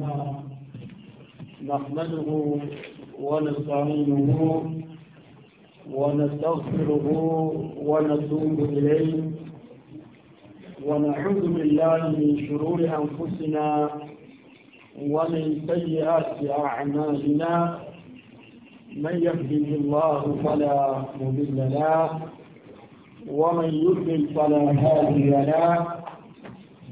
نحمده ونستعينه ونستغفره ونتوب إليه ونعوذ بالله من شرور أنفسنا ومن سيئات أعمالنا من يهده الله فلا مضل له ومن يضلل فلا هادي له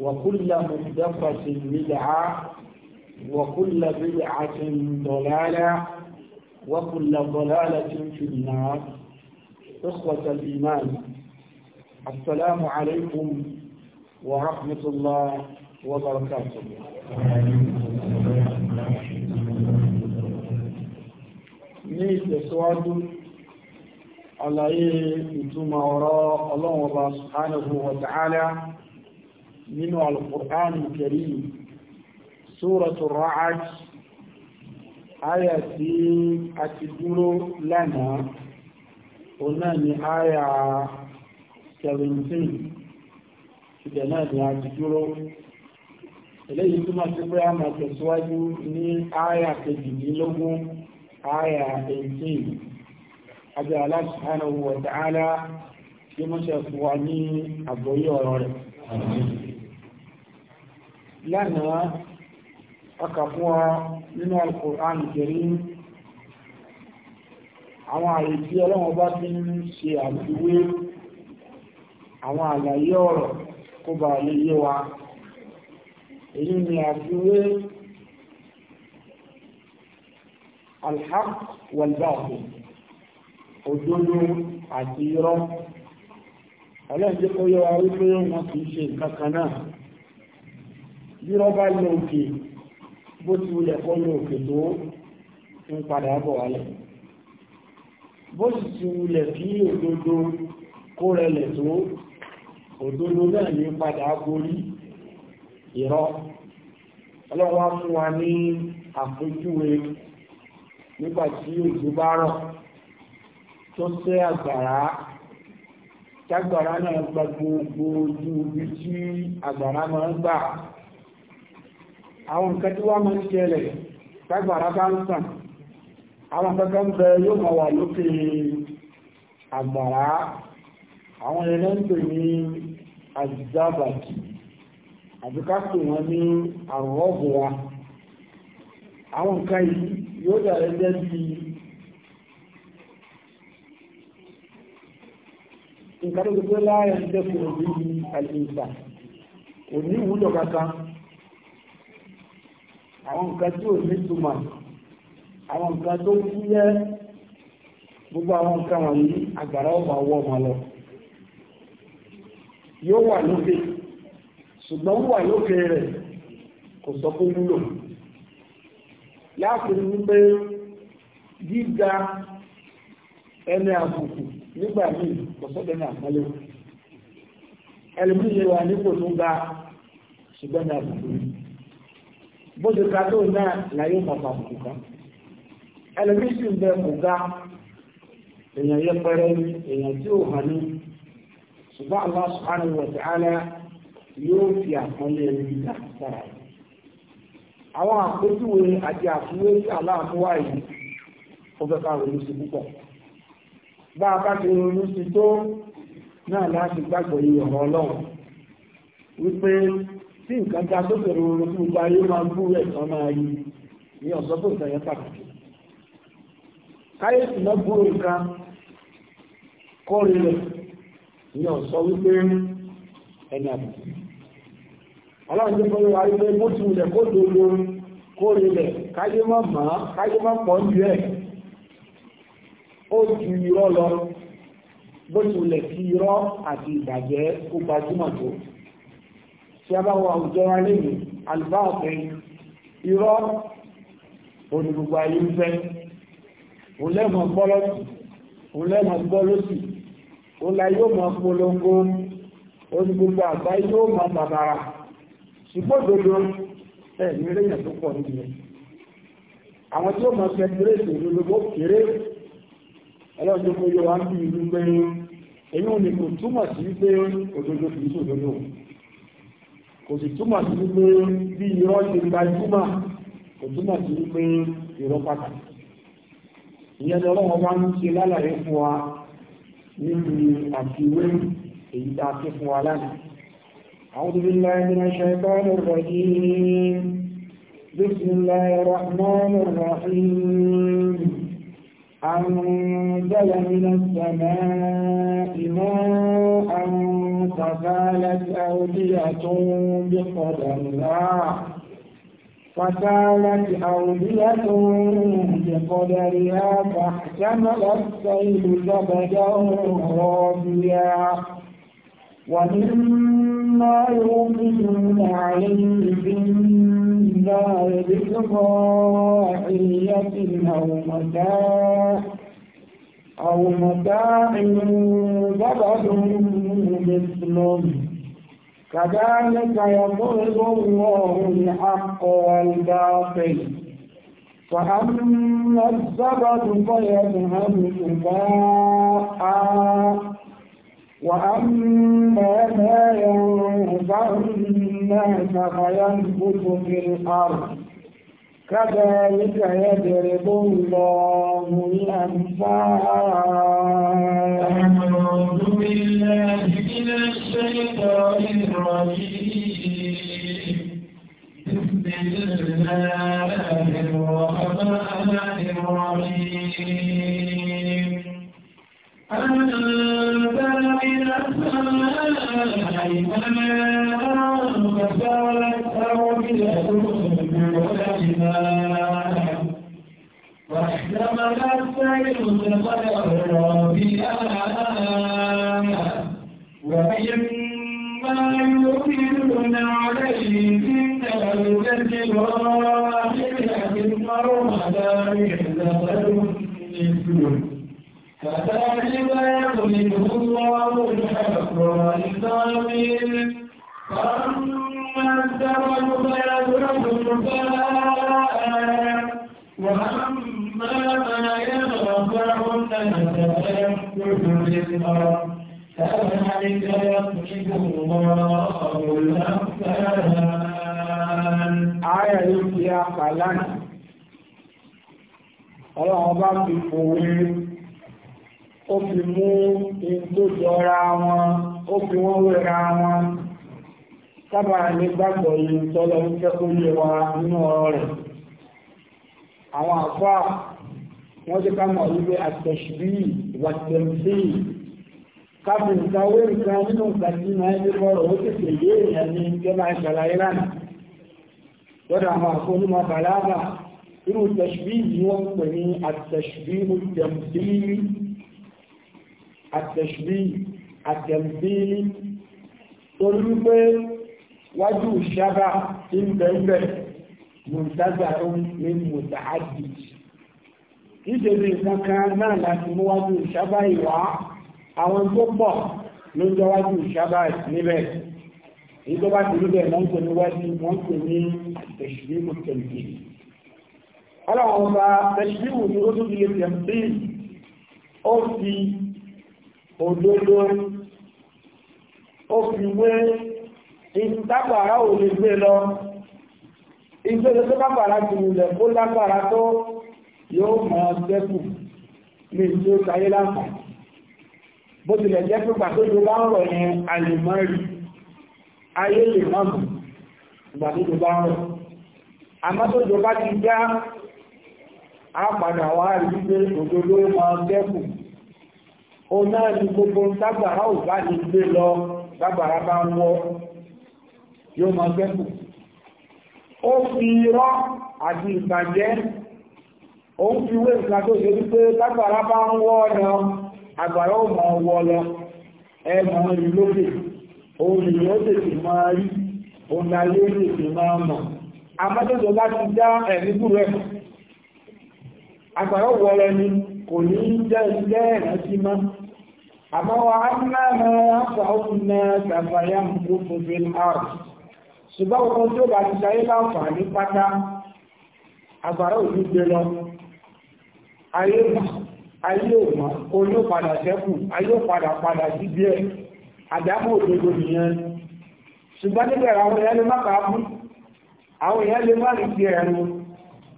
وكل محدثة بدعة وكل بدعة ضلالة وكل ضلالة في النار إخوة الإيمان السلام عليكم ورحمة الله وبركاته ní ìtẹ̀síwájú àlàyé ìtumọ̀ ọ̀rọ̀ ọlọ́run ọba subhanahu wa ta'ala nínú al-Qur'an al-Karim Suratu Ra'd áyà tí a ti dúró lánàá òun náà ni áyà 17 ìbẹ̀ náà ni a ti dúró eléyìí túmọ̀ sí pé a máa tẹ̀síwájú ní áyà kejìdínlógún áyà 18 abẹ́ Allah subhanahu tí mọ́ fún wa ní àgbọ́yé ọ̀rọ̀ rẹ̀ lánàá ọkà fún ọ nínú Al-Qur'an Karim àwọn àyè tí ọlọ́wọ́n bá ti ń ṣe àfiwé àwọn àlàyé ọ̀rọ̀ kó bá lè yé wa èyí ni àfiwé alhaq wal àti irọ́ ọlọ́run kó yé wa wípé wọ́n kì ṣe nǹkan kan náà bí wọ́n bá lọ òkè bó ti wulẹ̀ kọ́ lọ òkè tó ń padà bọ̀ wálẹ̀ bó sì ti wulẹ̀ kí òdodo kó rẹlẹ̀ tó òdodo náà ní padà borí ìrọ́ ọlọ́wọ́ fún wa ní àfojúwe nígbà tí òjò bá rọ̀ tó sẹ́ àgbàrá tágbàrá náà gba ojú ibi tí àgbàrá máa ń gbà àwọn nǹkan tí wọ́n máa ń ṣẹlẹ̀ tágbàrá bá ń sàn àwọn kankan bẹ yóò máa wà lókè àgbàrá àwọn ẹ̀rẹ́ ń pè ní àjíjábàtì àti kápò wọn ní àrùn ọ̀bùnwa àwọn nǹkan yìí yóò dàrẹ́ jẹ́ bí nǹkan tó gbé láàrin jẹ́ kúrò bí àlè kò ní ìwúlò kankan àwọn nǹkan tí ò ní túmọ̀ àwọn nǹkan tó kú yẹ gbogbo àwọn nǹkan wọ̀nyí àgbàrá ọ̀bà wọ́ ọmọ lọ yóò wà lókè ṣùgbọ́n wà lókè rẹ̀ kò sọ pé wúlò láàfin wípé gíga ẹni àbùkù nígbà míì kò sọ́dọ̀ ní àpọ́lé ẹlòmíì yẹ wà nípò tó ga ṣùgbọ́n ní àbùkù rí bó ṣe ka tó náà láyé pàpà kùkà ẹlẹ́bí sì ń bẹ kùkà èèyàn yẹ pẹ́rẹ́ ní èèyàn tí ò hàn ní ṣùgbọ́n Allah subhanahu wa ta'ala yóò fi àpọ́nlé ẹni dá sára yìí àwọn àpótíwé àti àfiwé tí aláàmúwá yìí ó fẹ́ ká ronú sí púpọ̀ bá a bá ti ronú sí tó náà láti gbàgbọ́ yìí ọ̀rọ̀ ọlọ́run wípé tí nǹkan ga tó bẹ̀rẹ̀ oorun tí gbogbo ayé máa ń bú rẹ̀ tán máa yí ní ọ̀sán tó nǹkan yẹn pàtàkì káyéèsì náà bú nǹkan kọ́rí rẹ̀ ní ọ̀sán wípé ẹni àbùkù ọlọ́run tó kọ́rí wa wípé bó ti wulẹ̀ kó dodo kórí rẹ̀ káyé má màá káyé má pọ̀ jù ẹ̀ ó ju irọ́ lọ bó ti wulẹ̀ kí irọ́ àti ìbàjẹ́ kó gbajúmọ̀ tó tí a bá wọ àwùjọ wa léyìn alifáàfẹ́ irọ́ òní gbogbo ayé ń fẹ́ òun lẹ́mọ̀ gbọ́ lọ́sì òun yóò mọ polongo òní gbogbo àgbá yóò mọ bàbàrà ṣùgbọ́n òdodo ẹ̀ ní lẹ́yìn tó pọ̀ nìyẹn àwọn tí ó mọ fẹ́ kéré ìṣòro ló kéré ẹlọ́jọ́ kó yọ wá ń bí ìlú gbẹ́yìn èyí ò ní kò túmọ̀ sí pé òdodo kìí ṣòdodo kò sì túmọ̀ sí wípé bí irọ́ ṣe gbajúmọ̀ kò túmọ̀ sí wípé irọ́ pàtàkì ìyẹn lọ́wọ́ bá ń ṣe lálàyé fún wa nínú àfiwé èyí tá a fi fún wa lánàá أعوذ بالله من الشيطان الرجيم بسم الله الرحمن الرحيم أنزل من السماء ماء فسالت أودية بقدرها فكانت أودية بقدرها فاحتمل السيل زبدا رابيا ومما يوقدون عليه في النار بقضاء أو متاع أو متاع زبد الله مثله كذلك يضرب الله الحق والباطل فأما الزبد فيذهب سباء وأما ما ينفع الناس فينبت في الأرض كذلك يضرب الله الأمثال أعوذ بالله من الشيطان الرجيم بسم الله الرحمن الرحيم أنزل من السماء ماء فسالت أودية ولا جمالا واحتمل السير وإما يؤمنون عليه إن الجد واحدة مرمدا مثل مثله فذلك يضرب الله الحق والباطل فأما الزوج فيضرب كفاء وأما ما يرفع الناس فيمكث في الأرض كذلك يضرب الله الأمثال آية يا فلان ọlọ́run bá fi fòwe ó fi mú in tó jọra wọn ó fi wọ́n wéra wọn sábà nígbàgbọ́ yìí tọ́lọ ń fẹ́ kó yé wa nínú ọ̀rọ̀ rẹ̀ àwọn àfá wọ́n ti ká mọ̀ wípé àtẹ̀ṣbí ìwà tẹ̀m̀sí káàbù nǹkan owó nǹkan nínú nǹkan tí máa ń bọ́rọ̀ ó sì yé èèyàn ní jẹ́ máa ṣàlàyé lánàá lọ́dọ̀ àwọn àfọ onímọ̀ bàlágà irú tẹ̀ṣbí yìí wọ́n pè ní àtẹ̀ṣbí tẹ̀m̀sí àtẹ̀ṣbí àtẹ̀m̀sí torí wípé wájú ìṣábà tí ń bẹ̀ẹ̀bẹ̀ mùtágbà ohun ní mùtàádì ìṣèlú kankan náà láti mú wájú ìṣábà ìwá àwọn tó pọ̀ ló jọ wájú ìṣábà níbẹ̀ èyí tó bá ti rí bẹ́ẹ̀ wọ́n pè ní wájú wọ́n pè ní tẹ̀sílímù tẹ̀lé ọlọ́run ọba tẹ̀sílímù ni ó tún fi ó fi òdodo ó fi wé ìtàgbàrá ò lè gbé lọ ìgbèrè tó lágbàrá jùlẹ̀ kó lágbàrá tó yóò mọ̀ sẹ́kù ní ìjó sáyé láǹfààní bó tilẹ̀ jẹ́ pípa tó jọ bá ń rọ̀ yẹn àlèmọ́rí ayé lè mọ́bù ìgbà tó jọ bá ń rọ̀ já a padà wá rí wípé òdodo mọ̀ sẹ́kù ó náà ní gbogbo tágbàrá ò bá lè gbé lọ tágbàrá bá ń yóò máa gbẹ́kù ó fi irọ́ àti ó ń fi wé nǹkan tó wípé lágbàrá bá ń wọ́ ọ̀nà àgbàrá ò mọ̀ wọ́ lọ ẹ mọ̀ rí lókè òun ni ó tètè máa rí òun ni ayé ó máa mọ̀ amọ́tòtò dá ẹ̀mí kúrò ẹ̀ àgbàrá lọ ni kò ní ṣùgbọ́n ohun tí ó bá ti ṣayé láǹfààní pátá àgbàrá òjú gbé lọ ayé òmà oní ò padà sẹ́kù ayé ò padà padà sí díẹ̀ àdámọ́ òdodo nìyẹn ṣùgbọ́n níbẹ̀rẹ̀ àwọn èèyàn lè má kàá fún àwọn èèyàn lè má rìn sí ẹ̀rùn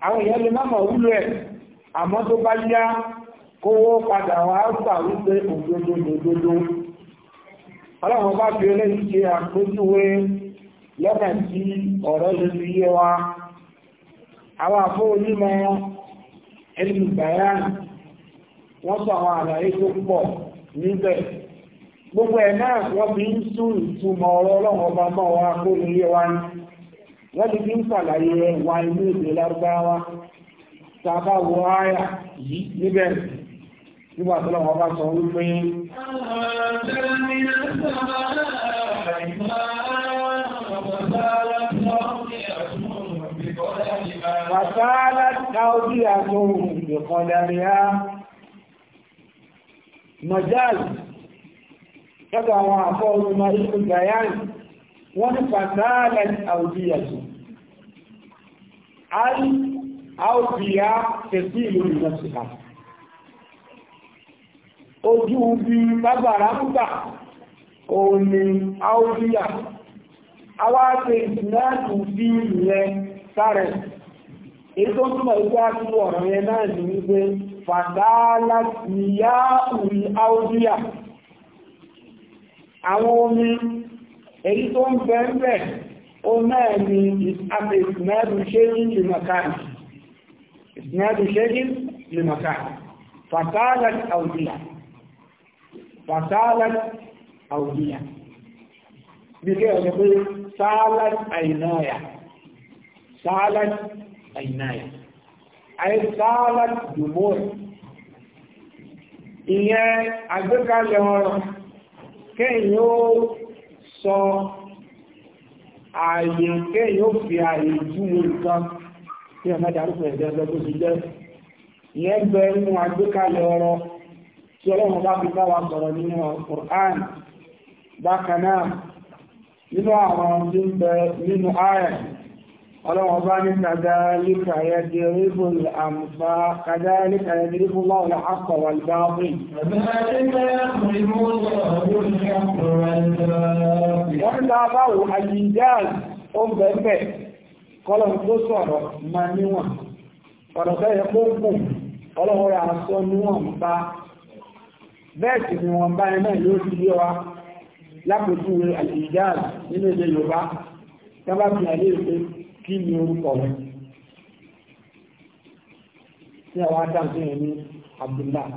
àwọn èèyàn lè má mọ̀ wúlò ẹ̀ àmọ́ tó bá yá kówó padà wá gbà wípé òdodo òdodo ọlọ́run bá fi eléyìí ṣe àpójúwé lọ́nà tí ọ̀rọ̀ ló fi wa àwọn àfọ́ onímọ̀ wọ́n sọ àwọn pọ̀ níbẹ̀ gbogbo ẹ̀ náà wọ́n fi ń sún ìtumọ̀ ọ̀rọ̀ ọlọ́run ọba mọ́ wa kó ní wa wọ́n ti fi wa inú lárúbáwá yìí níbẹ̀ nígbà tó lọ́wọ́ fàṣálà káwọ́dí àtọ́rùn ìkọ̀dàríà mọ̀jáàlì kẹta àwọn àfọ́ọ̀rùn ma ìlú bayani wọ́n ni fàṣálà àwùjí yàtọ̀ al àwùjíyà tẹ̀sí ìlú ìrọ̀sìkà ojú bí bábàrá ń gbà òun ni àwùjíyà èyí tó ń túnmọ̀ ìgbé àtúrò ọ̀rọ̀ yẹn náà ní wípé fàdálà níyá òní áódíà àwọn omi èyí tó ń bẹ ń bẹ̀ ó náà ni ìsìnàdù ṣéyìn lèmọ̀ká fàdálà áódíà fàdálà áódíà bí kí ọ̀rọ̀ àìnáì àìsáàlá dùmọ́ ìyẹn àgbékalẹ̀ ọ̀rọ̀ kẹ́yìn ó sọ ààyè kẹ́yìn ó fi ààyè júwe nǹkan tí ọmọ dárúkọ ẹ̀dẹ́ ọjọ́ tó ti jẹ́ ìyẹn bẹ nínú àgbékalẹ̀ ọ̀rọ̀ tí ọlọ́run bá fi bá wa sọ̀rọ̀ nínú Qur'an bákan náà nínú àwọn tí ń bẹ nínú ààyè ọlọ́wọ́n bá ní kàdálíkà yadribu al-amsa kàdálíkà yadribu Allahu al-haqqa wal-batil. wọ́n dá báwo ni wọ́n bá yóò ti wa nínú Yorùbá àlè ìpé kí ni orúkọ rẹ̀ tí àwọn adáǹtí yẹn ní Abdullah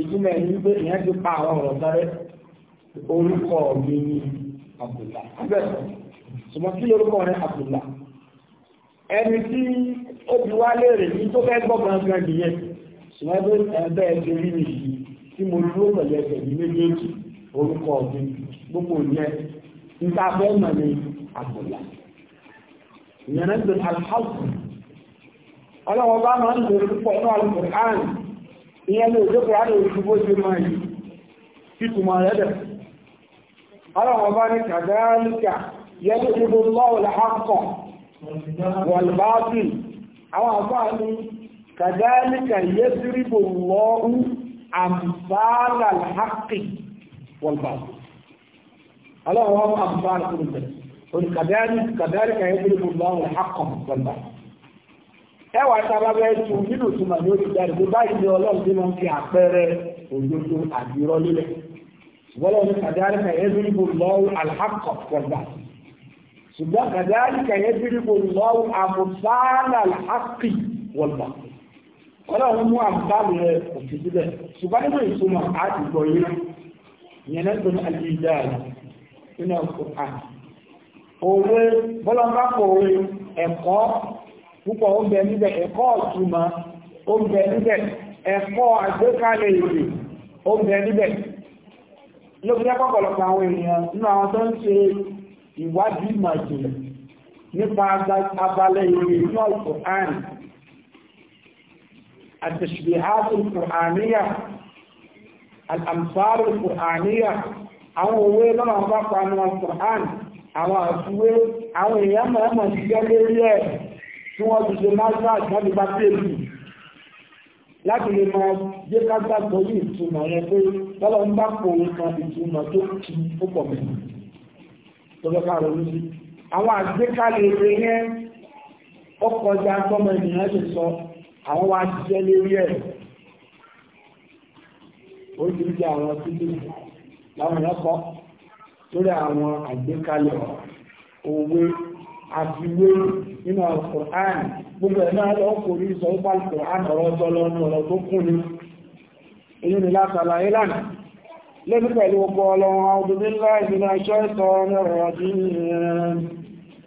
ìtumọ̀ ẹni wípé ìyẹn ti pa àwọn ọ̀rọ̀ sáré orúkọ mi ní Abdullah abẹ́sọ̀ ṣùgbọ́n kí lórúkọ rẹ̀ Abdullah ẹni tí ó ti wá léèrè ní tó fẹ́ gbọ́ gangan nìyẹn ṣùgbọ́n ẹgbẹ́ ẹgbẹ́ ẹgbẹ́ rí mi yìí tí mo dúró pẹ̀lú ẹsẹ̀ mi méjèèjì orúkọ mi gbogbo yẹn níta fẹ́ mọ̀ ní Abdullah ìyẹn náà ń lò alhàbù ọlọ́wọ́ bá máa ń lò púpọ̀ inú alùpùpù ìyẹn ní òjò kúrò àdó òṣù bó ṣe máa yìí títùmọ̀ rẹ̀ dẹ̀ ọlọ́wọ́ bá ní kàdáríkà yẹn ní ìbò lọ́wọ́ làákọ̀ wọ̀lbáàbì àwọn àfáà ní kàdáríkà yẹ́ síríbò lọ́wọ́ àmfààlà làákì wọ̀lbáàbì ọlọ́wọ́ àmfààlà kúrò bẹ̀rẹ̀ olùkàdáàlì kàdáàlì kan yẹ́gbẹ́ الله àwọn akọ̀m gbọ̀ngbà ẹwà tábà bẹ́ẹ̀ tún nínú ìtumọ̀ ní oṣù jáde tó báyìí ní ọlọ́run tí wọ́n fi àpẹẹrẹ òdodo àdìrọ́ lílẹ̀ wọ́lọ́ ní kàdáàlì kan yẹ́gbẹ́ gbogbo àwọn akọ̀m gbọ̀ngbà ṣùgbọ́n kàdáàlì kan yẹ́gbẹ́ gbogbo àwọn àmùsáàlà àkì wọ̀ngbà ọlọ́run mú àmùsáàlù rẹ̀ òfin síbẹ̀ ṣùgbọ́n nínú ìtumọ̀ àti gbọ̀nyẹ́ yẹn náà tó ní òwe bọ́lọ́mbápọ̀ òwe ẹ̀kọ́ púpọ̀ ó níbẹ̀ ẹ̀kọ́ ọ̀túnmọ̀ ó níbẹ̀ ẹ̀kọ́ àgbékalẹ̀ èdè ó níbẹ̀ ló jẹ́ pọ̀pọ̀lọpọ̀ àwọn èèyàn nínú àwọn tó ń ṣe ìwádìí nípa abalẹ̀ èdè inú àwọn òwe lọ́nà àwọn àfiwé àwọn èèyàn mọ̀ọ́mọ̀ ṣiṣẹ́ lérí ẹ̀ tí wọ́n ti ṣe masters wọ́n ti bá tèèlù láti lè máa gbé kágbá pẹ̀lú ìtumọ̀ rẹ pé lọ́lọ́ ń bá pòun kan ìtumọ̀ tó kí ó pọ̀ mẹ́ tó fẹ́ ká ronú sí àwọn àgbékalẹ̀ èrè yẹn ó kọjá tọ́mọ ènìyàn ṣe sọ àwọn wa ṣiṣẹ́ lérí ẹ̀ ó ti ń jẹ àwọn títí láwọn èèyàn kọ́ lórí àwọn àgbékalẹ̀ òwe àfiwé nínú alkùnrán gbogbo ẹ̀ náà lọ kò rí sọ pé alkùnrán ọ̀rọ̀ ọjọ́ lọ́nà ọ̀rọ̀ tó kún ni inú ni látàlá ìlànà lẹ́nu pẹ̀lú ọgbọ́ ọlọ́run ọdún nílá ìgbìnà ṣọ́ ìtọ́ ọ̀rọ̀ ọdún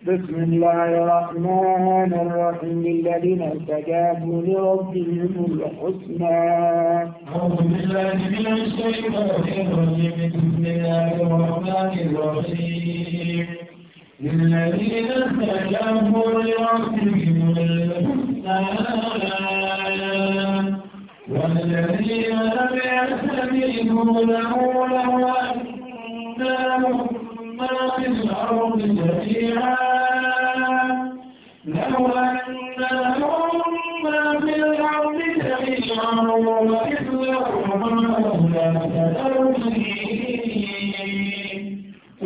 بسم الله الرحمن الرحيم الذين استجابوا لربهم الحسنى أعوذ بالله من الشيطان الرجيم بسم الله الرحمن الرحيم للذين استجابوا لربهم الحسنى والذين لم يستجيبوا له لو أن لهم ما في الأرض جميعا لو أن لهم ما في الأرض جميعا ومثله معه لفتدوا به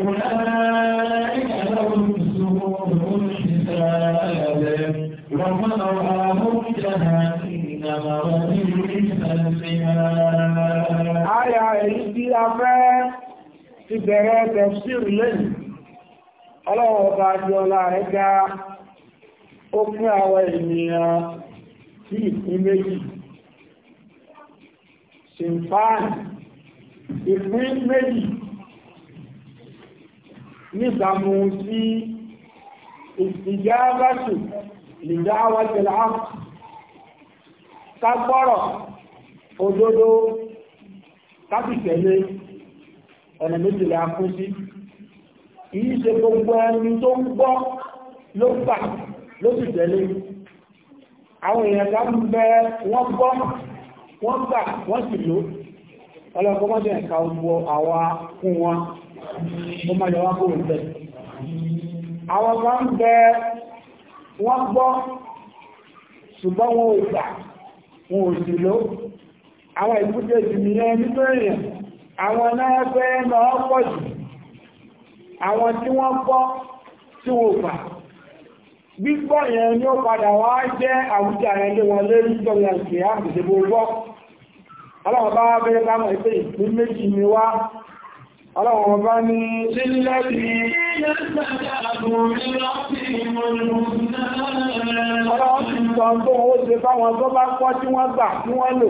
أولئك لهم سوء الحساب ومأواهم جهنم وبئس المهاد. آية إذ آية، ti bẹ̀rẹ̀ tẹ̀síìrì lẹ́yìn ọlọ́wọ́ ọba àjọọlá rẹ̀ ga ó fún àwọn ènìyàn sí ìpín méjì sinfani ìpín méjì nígbàmù sí ìsìjábàtù lìdáwàtìlá kágbọ́rọ̀ òdodo kápìtẹ̀lé ọ̀nà méjìlá kú sí kìí ṣe gbogbo ẹni tó ń gbọ́ ló gbà ló sì tẹ̀lé àwọn èèyàn ká ń bẹ wọ́n gbọ́ wọ́n gbà wọ́n sì lò ọlọ́pọ̀ mọ́ jẹ́ ẹ̀ka gbogbo àwa fún wọn ó máa yọwá kó rẹ̀ àwọn kan ń bẹ wọ́n gbọ́ ṣùgbọ́n wọn ò gbà wọn ò sì lò àwọn ìbújẹ́ ìsinmi rẹ̀ nítorí èèyàn àwọn náà fẹ́ náà pọ̀ jù àwọn tí wọ́n gbọ́ tí wọ́n gbà gbígbọ́ yẹn ni ó padà wá jẹ́ àwùjọ àwọn ilé wọn lérí lórí àti àbùsẹ̀bò gbọ́ ọlọ́wọ́n bá bẹ́rẹ̀ bá mọ̀ ìpé ìpín méjì ni wá ọlọ́wọ́n bá ní sílẹ̀ bí ọlọ́wọ́n ti sọ tó ó ṣe bá wọn tó bá pọ́ tí wọ́n gbà tí wọ́n lò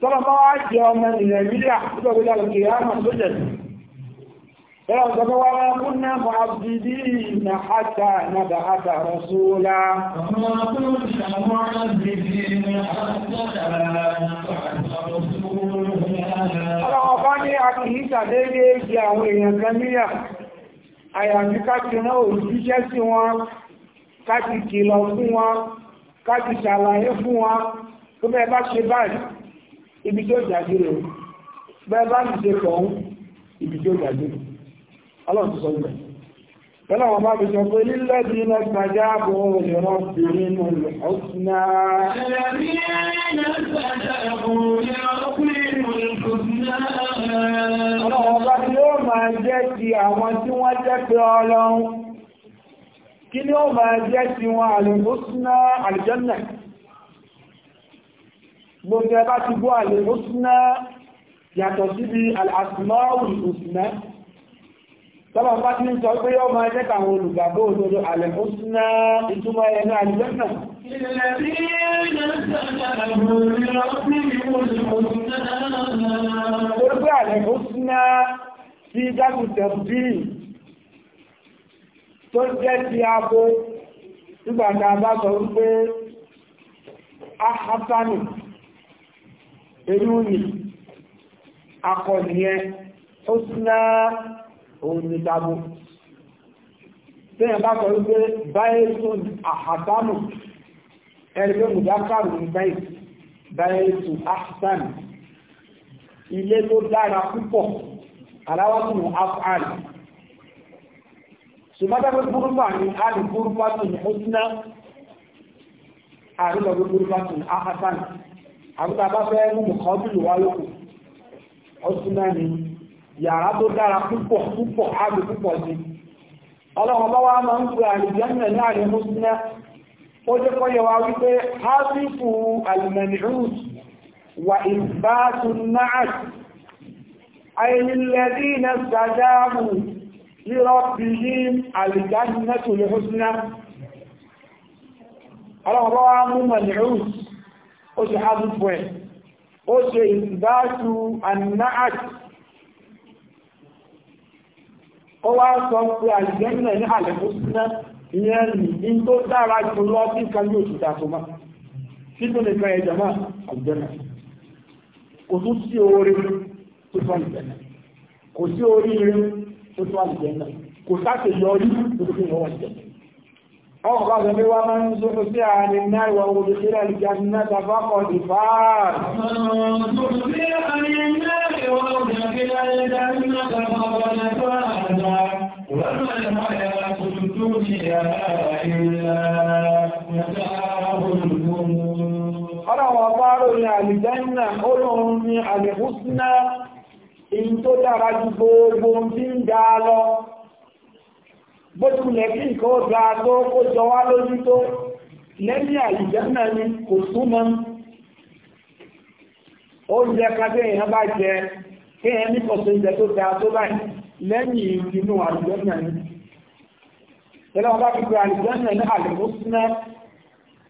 tọ́lọ bá wá jẹ ọmọ nàìjíríà nígbàgbélà òkè àmà sójẹ̀ ẹ̀rọ ìjọba wá wá fún náà fún abdìdí na àtà nàbà àtà rọ̀sọ́lá ọlọ́wọ́ bá ní àkìyíta déédé jẹ àwọn èèyàn kan níyà àyàfi káti rán òjíṣẹ́ sí wọn káti kìlọ̀ fún wọn káti ṣàlàyé fún wọn tó bẹ́ẹ̀ bá ṣe báyìí ibi tí ó jàgbé rẹ̀ bẹ́ẹ̀ bá ń ṣe kọ̀ọ̀ún ibi tí ó jàgbé rẹ̀ ọlọ́run ti sọ ìgbẹ̀ pẹ̀lú àwọn bá fi sọ pé lílẹ́bí iná gbàjá àbò ìrọ̀ sí nínú ọ̀sánà ọlọ́run bá ni ó máa jẹ́ ti gbogbo ẹbá ti gbọ́ àlè òsìnà yàtọ̀ síbi àsìmọ́ọ̀rùn òsìnà tọ́lọ̀ bá ti ń sọ pé yọ́ máa jẹ́ kàwọn olùgbàgbọ́ òdodo àlè òsìnà ìtumọ̀ ẹ̀nà àlùjẹ́nà Gbogbo àlè òsìnà ti jágùn tẹ̀bùdírì tó jẹ́ ti abo nígbàtà bá sọ wípé ahasanu èyí ò ní akọ̀nìyàn ó síná òun ní dábò tẹ́yàn bá sọ wípé báyẹ̀tún àhàbámù ẹgbẹ́ mùdákàrù ní báyẹ̀tún àhàbámù ilé tó dára púpọ̀ aláwọ́sùn afáàlì ṣùgbọ́n burúkú àmì àrùn burúkú àtùn ó síná àrùn burúkú àtùn àbúkà bá fẹ́ mú nǹkan bìlù wá lókù ọdún náà ni yàrá tó dára púpọ̀ púpọ̀ ágbè púpọ̀ sí ọlọ́run bá wá máa ń pè àlùjànnà ní àrẹ mọ́síná ó jẹ́ kọ́ yẹ wá wípé hásífù alìmọ̀nìrùs wà ìbátù náà ó ṣe hádùfù ẹ̀ ó ṣe ìdáṣù annáàt ó wá sọ pé àjẹ́mìnà ní àlẹ́kùsínà ìyẹn ní tó dára jù lọ sí kan yóò ṣe dàtò máa títún lè kan ẹjọ máa àjẹ́mà kò tún sí orí tó tún àjẹ́mà kò sí orí tó tún kò sáṣe yọrí tó أو قال ومن زحزح عن النار وأدخل الجنة فقد فاز. ومن زحزح عن النار وأدخل الجنة فقد فاز وما الحياة الدنيا إلا متاع Ọlọ́wọ́ bá ròyìn àlìjẹ́nà olóhun ni àlìhúsínà, in tó dára ju gbogbo tí ń dá lọ bó ti wùlẹ̀ kí nǹkan ó ga tó ó jọ wá lójú tó lẹ́yìn àlùjànnà ni kò súnmọ́ oúnjẹ kájẹ́ èèyàn bá jẹ kí èèyàn ní kọ̀sọ̀ oúnjẹ tó ga tó báyìí lẹ́yìn inú àlùjànnà ni ẹlọ́wọ́ bá fi pé àlùjànnà ní àlùmọ́sínà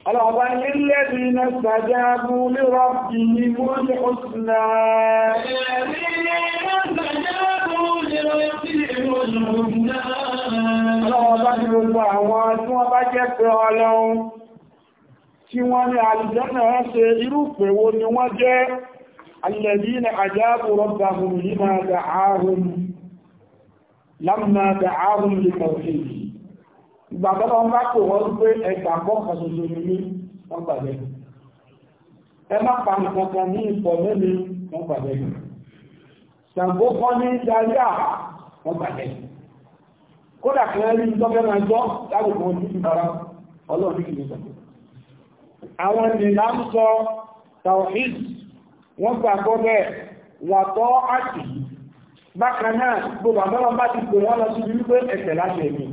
ọlọ́wọ́ bá ní lẹ́bí iná sàjábú lérọ́ ìní mú ní òsìnà ẹ̀rí iná sàjábú lérọ́ ìní mú ní òsìnà ọlọ́wọ́ bá ní gbogbo àwọn tí wọ́n bá jẹ́ pé ọlọ́run tí wọ́n ní àlùjọ́nà wọ́n ṣe irúpè wo ni wọ́n jẹ́ alladhina ajabu rabbahum lima da'ahum lamma da'ahum lè kọ̀ọ̀kì ìgbàgbọ́n ní ìpọ̀ mẹ́lẹ̀ ní Ìdáríà kódà kí wọ́n rí tọ́fẹ́ máa gbọ́ lágbègbè wọn títí bára ọlọ́run kìí sọ àwọn ènìyàn ń sọ tawhid wọ́n gbàgbọ́ bẹ́ẹ̀ wà tọ́ àti bákan náà gbogbo àmọ́ràn bá ti pè wọ́n lọ sí wípé ẹ̀sẹ̀ láti ẹ̀mí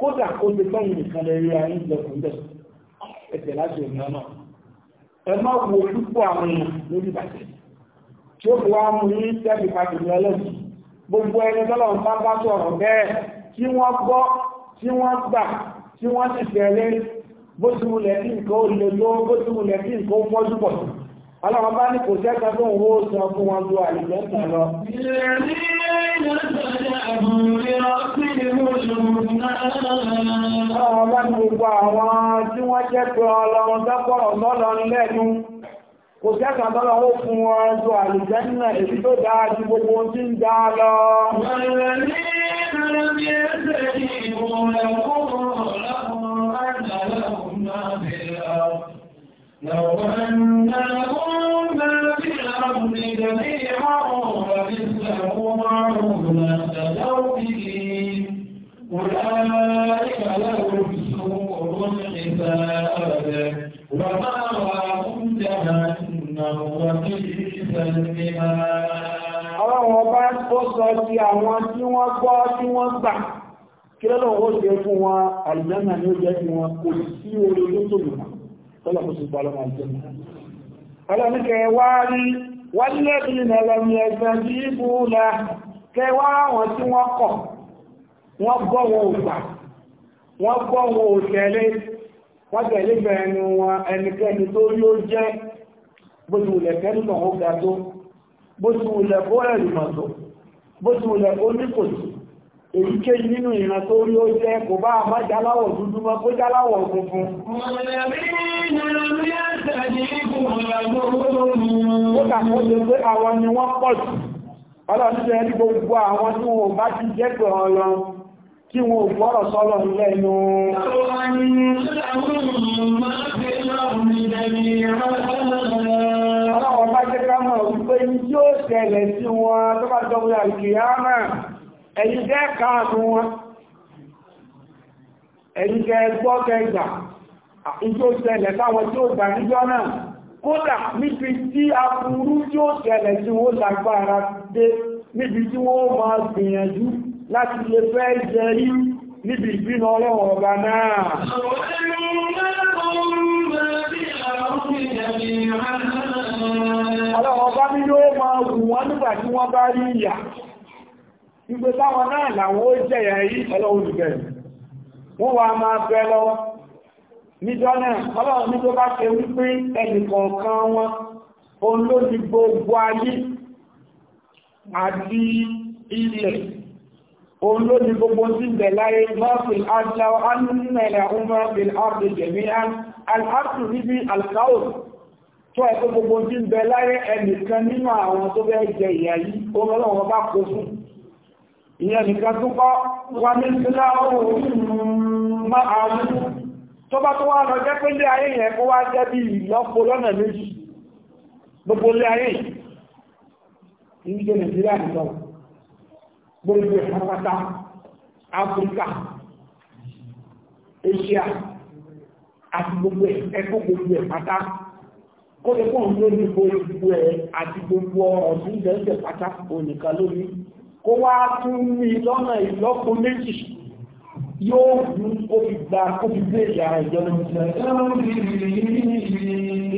kódà kó ti tọ́ ìrìn kan lè rí ayé ìjọkùn bẹ́ẹ̀ ẹ̀sẹ̀ láti ẹ̀mí náà ẹ má wo púpọ̀ àwọn èèyàn lórí bàtẹ̀ tí ó fi wá mú ní sẹ́ẹ̀bì pàtàkì ọlọ́run gbogbo ẹni tọ́lọ̀ ń bá bá sọ̀rọ̀ bẹ́ẹ̀ tí wọ́n gbọ́ tí wọ́n gbà tí wọ́n sì tẹ̀lé bó ti wulẹ̀ kí nǹkan ó le tó bó ti wulẹ̀ kí nǹkan ó pọ́jú pọ̀ ọlọ́run bá ní kò sẹ́ka tó ń wó sọ fún wọn lu àlùjẹ́ kan lọ. ọlọ́run bá ní gbogbo àwọn tí wọ́n jẹ́ pé ọlọ́run tọ́pọ̀ kò sí àkàndọ́lọ́ ó fún wọn ẹjọ́ àlùjẹ́nà èyí tó dáa ju gbogbo ohun tí ń dáa lọ وَلَا يَعْلَمُ سُوءُ الْحِسَابِ وَمَا Ọlọ́run ọba ó sọ ti àwọn tí wọ́n gbọ́ tí wọ́n gbà kí lọ́lọ́wọ́ ó jẹ fún wọn àlùjànnà ni ó jẹ́ fún wọn kò sí orí ló tó lùmọ̀ tọ́lọ̀kọ́ sí pàlọ́mà ìjẹ́mù bójú ilẹ̀ kẹ́lùkàn ó ga tó bójú ilẹ̀ kó ẹ̀rù mọ̀tò bójú ilẹ̀ kó níkòtù èyíkéyìí nínú ìran tó rí ó jẹ́ kò bá àmá jáláwọ̀ dúdú mọ́ kó jáláwọ̀ funfun ó kàkó ṣe pé àwọn ni wọ́n pọ̀ jù ọlọ́sẹ̀ ní gbogbo àwọn tí wọ́n bá ti jẹ́ pẹ̀ ọlọ́run tí wọ́n gbọ́rọ̀ sọ́lọ̀ lẹ́nu àwọn ní tí ó ṣẹlẹ̀ sí wọn tó bá jọ wọ́n àìkìyàmà ẹ̀yìn jẹ́ káàkù wọn ẹ̀yìn jẹ́ gbọ́ kẹgbà ìjó ṣẹlẹ̀ táwọn tí ó gbà níjọ́ náà kódà níbi tí aburú tí ó ṣẹlẹ̀ sí wọ́n lágbára dé níbi tí wọ́n máa gbìyànjú láti lè fẹ́ jẹrí níbi ìbínú ọlọ́wọ̀ ọba náà Àwọn ẹni mẹ́rin ọlọ́wọ́ bá ní yóò máa wù wọ́n nígbà tí wọ́n bá rí ìyà ìgbé táwọn náà làwọn ó jẹ̀yà yí ọlọ́run ìbẹ̀ wọ́n wá máa bẹ lọ níjọ́ náà ọlọ́run ní tó bá ṣe wípé ẹnìkọ̀ọ̀kan wọn òun ló di gbogbo ayé àti ilẹ̀ òun ló di gbogbo tí bẹ̀ láyé mọ́fìl ájá ánúnà tó ẹ̀kọ́ gbogbo tí ń bẹ láyé ẹnìkan nínú àwọn tó bẹ́ jẹ ìyà yìí ó lọ́wọ́ bá kó fún ìyẹn nìkan tó kọ́ wà ní sílá ohun máa mú tó bá tó wá lọ jẹ́ pé lé ayé yẹn kó wá jẹ́ bí ìlọ́po lọ́nà méjì gbogbo lé ayé ìjọ nàìjíríà nìkan gbogbo ìpapata áfíríkà asia àti gbogbo ẹ̀kọ́ gbogbo ìpata kó lè fún ló ní gbogbo ẹ̀ àti gbogbo ọ̀rọ̀ tí ń bẹ̀ẹ̀bẹ̀ pátá onìkan lórí kó wá tún ní lọ́nà ìlọ́pọ̀ méjì yóò mú òfin gba kó fi gbé ìjọba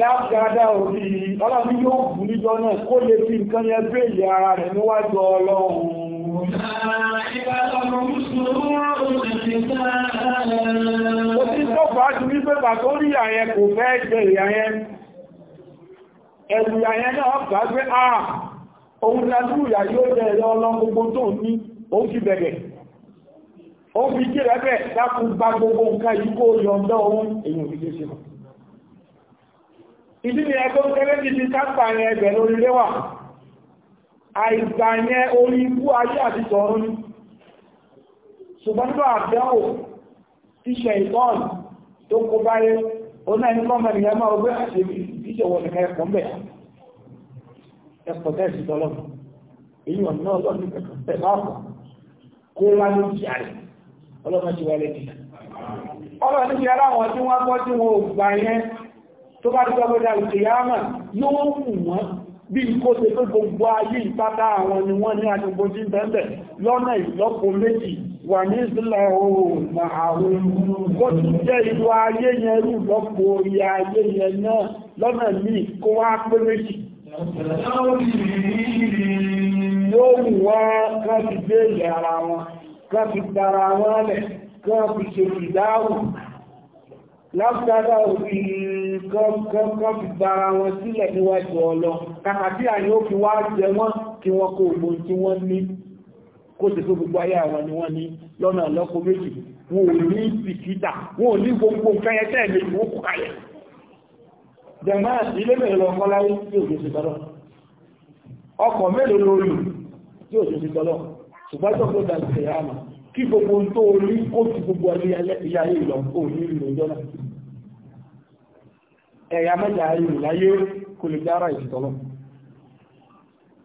lágbádá orí ọlọ́run yóò bù níjọ náà kó lè fi nǹkan yẹn gbé ìyá ara rẹ̀ níwájú ọlọ́run Òtítọ́ bá ti wípé bàtó rí àyẹ kò fẹ́ jẹ ìyá yẹn ẹ̀rùyà yẹn náà gbà pé à òun lájú ìyà yóò jẹ ẹ̀rọ ọlọ́run gbogbo tó ní òun fi bẹ̀rẹ̀ ó fi kí rẹ̀ bẹ̀ dákun gbogbo nǹkan yìí kó yọ̀ǹda òun èyàn fi ṣe mọ̀ ìdí ni ẹgbẹ́ kẹrẹ́ ti ti sápà yẹn ẹgbẹ̀ lórí léwà àìgbà yẹn orí ikú ayé àti tọ̀run ni ṣùgbọ́n tó àdánwò tíṣẹ̀ ìtọ́ọ̀nù tó kó báyé ìjọwọ́ nìkan ẹ̀kọ́ mbẹ̀ ẹ̀kọ́ tẹ́sí tọ́lọ́ èyí wọn náà lọ́nà pẹ̀lú àpò kó wá ní ìjà rẹ̀ ọlọ́run ti wá lẹ́dí ọlọ́run níbi aláwọn tí wọ́n gbọ́ tí wọ́n ò gbà yẹn tó bá ti gbọ́gbọ́dá ìkèyàmà yóò mú wọn bí kó ṣe pé gbogbo ayé ìpátá àwọn ni wọ́n ní agbègbè jíńbẹ̀ẹ́bẹ̀ lọ́nà ìlọ́po méjì wà ní ìsìnlẹ̀ oòrùn na àwọn bó ti jẹ́ ìlú ayé yẹn rú lọ́pọ̀ orí ayé yẹn náà lọ́nà míì kó wá pé méjì yóò wù wọ́n kán ti gbé ilẹ̀ ara wọn kán ti tara wọn lẹ̀ kán fi ṣe ìdáhùn lápùtàdà òfin kán fi tara wọn sílẹ̀ níwájú ọlọ kàkàtí àyíó fi wá jẹ wọ́n kí wọ́n kó ògbò tí wọ́n ní kó ṣe tó gbogbo ayé àwọn ni ní méjì wọn ò ní wọn ò ní gbogbo nǹkan jẹ̀mọ́ ilé mẹ́rin lọ kọ́ tí ò ṣe tọ́lọ́ ọkọ̀ mélòó ló lù tí ò ṣe tọ́lọ́ ṣùgbọ́n tó kó da ṣe àmà kí gbogbo tó orí kó ti gbogbo ilé ayé lọ kó ní ìlú ìjọ náà ẹ̀yà mẹ́ta ayé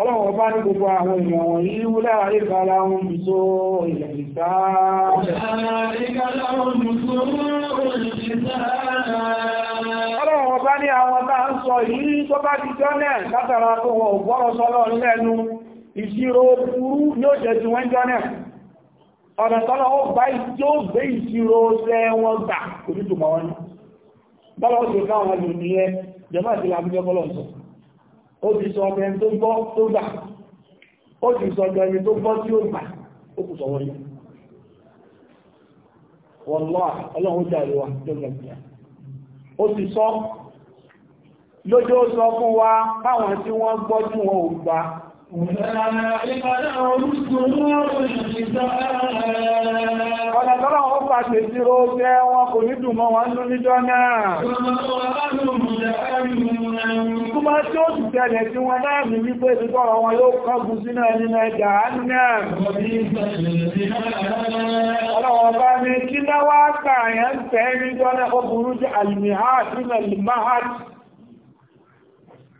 ọlọ́wọ̀ bá ní gbogbo àwọn èèyàn wọ̀nyí wúlẹ̀ àríkàlá ohun tó ilẹ̀ ìta ọlọ́wọ̀ bá ní àwọn tá ń sọ yìí tó bá ti jọ náà látara tó wọ ògbọ́rọ̀ sọ́lọ́ lẹ́nu ìṣirò burú ní ó jẹ́ ti wọ́n jọ náà ọ̀nà tọ́lọ́ ó tó gbọ́ tí ó gbà ó sọ wọ́n yìí wọ́n ọlọ́run jà lè tó gbà ó ti sọ lójó sọ fún wa báwọn tí wọ́n gbọ́ tí wọ́n ò gbà Ọ̀nà tọ́lá wọn pàṣẹ sí ó jẹ́ wọn kò ní dùnmọ́ wọn ní níjọ́ náà. Kúmá tí ó sì tẹ̀lẹ̀ tí wọ́n náà mi wípé ìtọ́rọ wọn yóò kọ́gùn sínú ẹnìyàn ẹ̀dà náà. Ọlọ́wọ́ bá ní kí náwà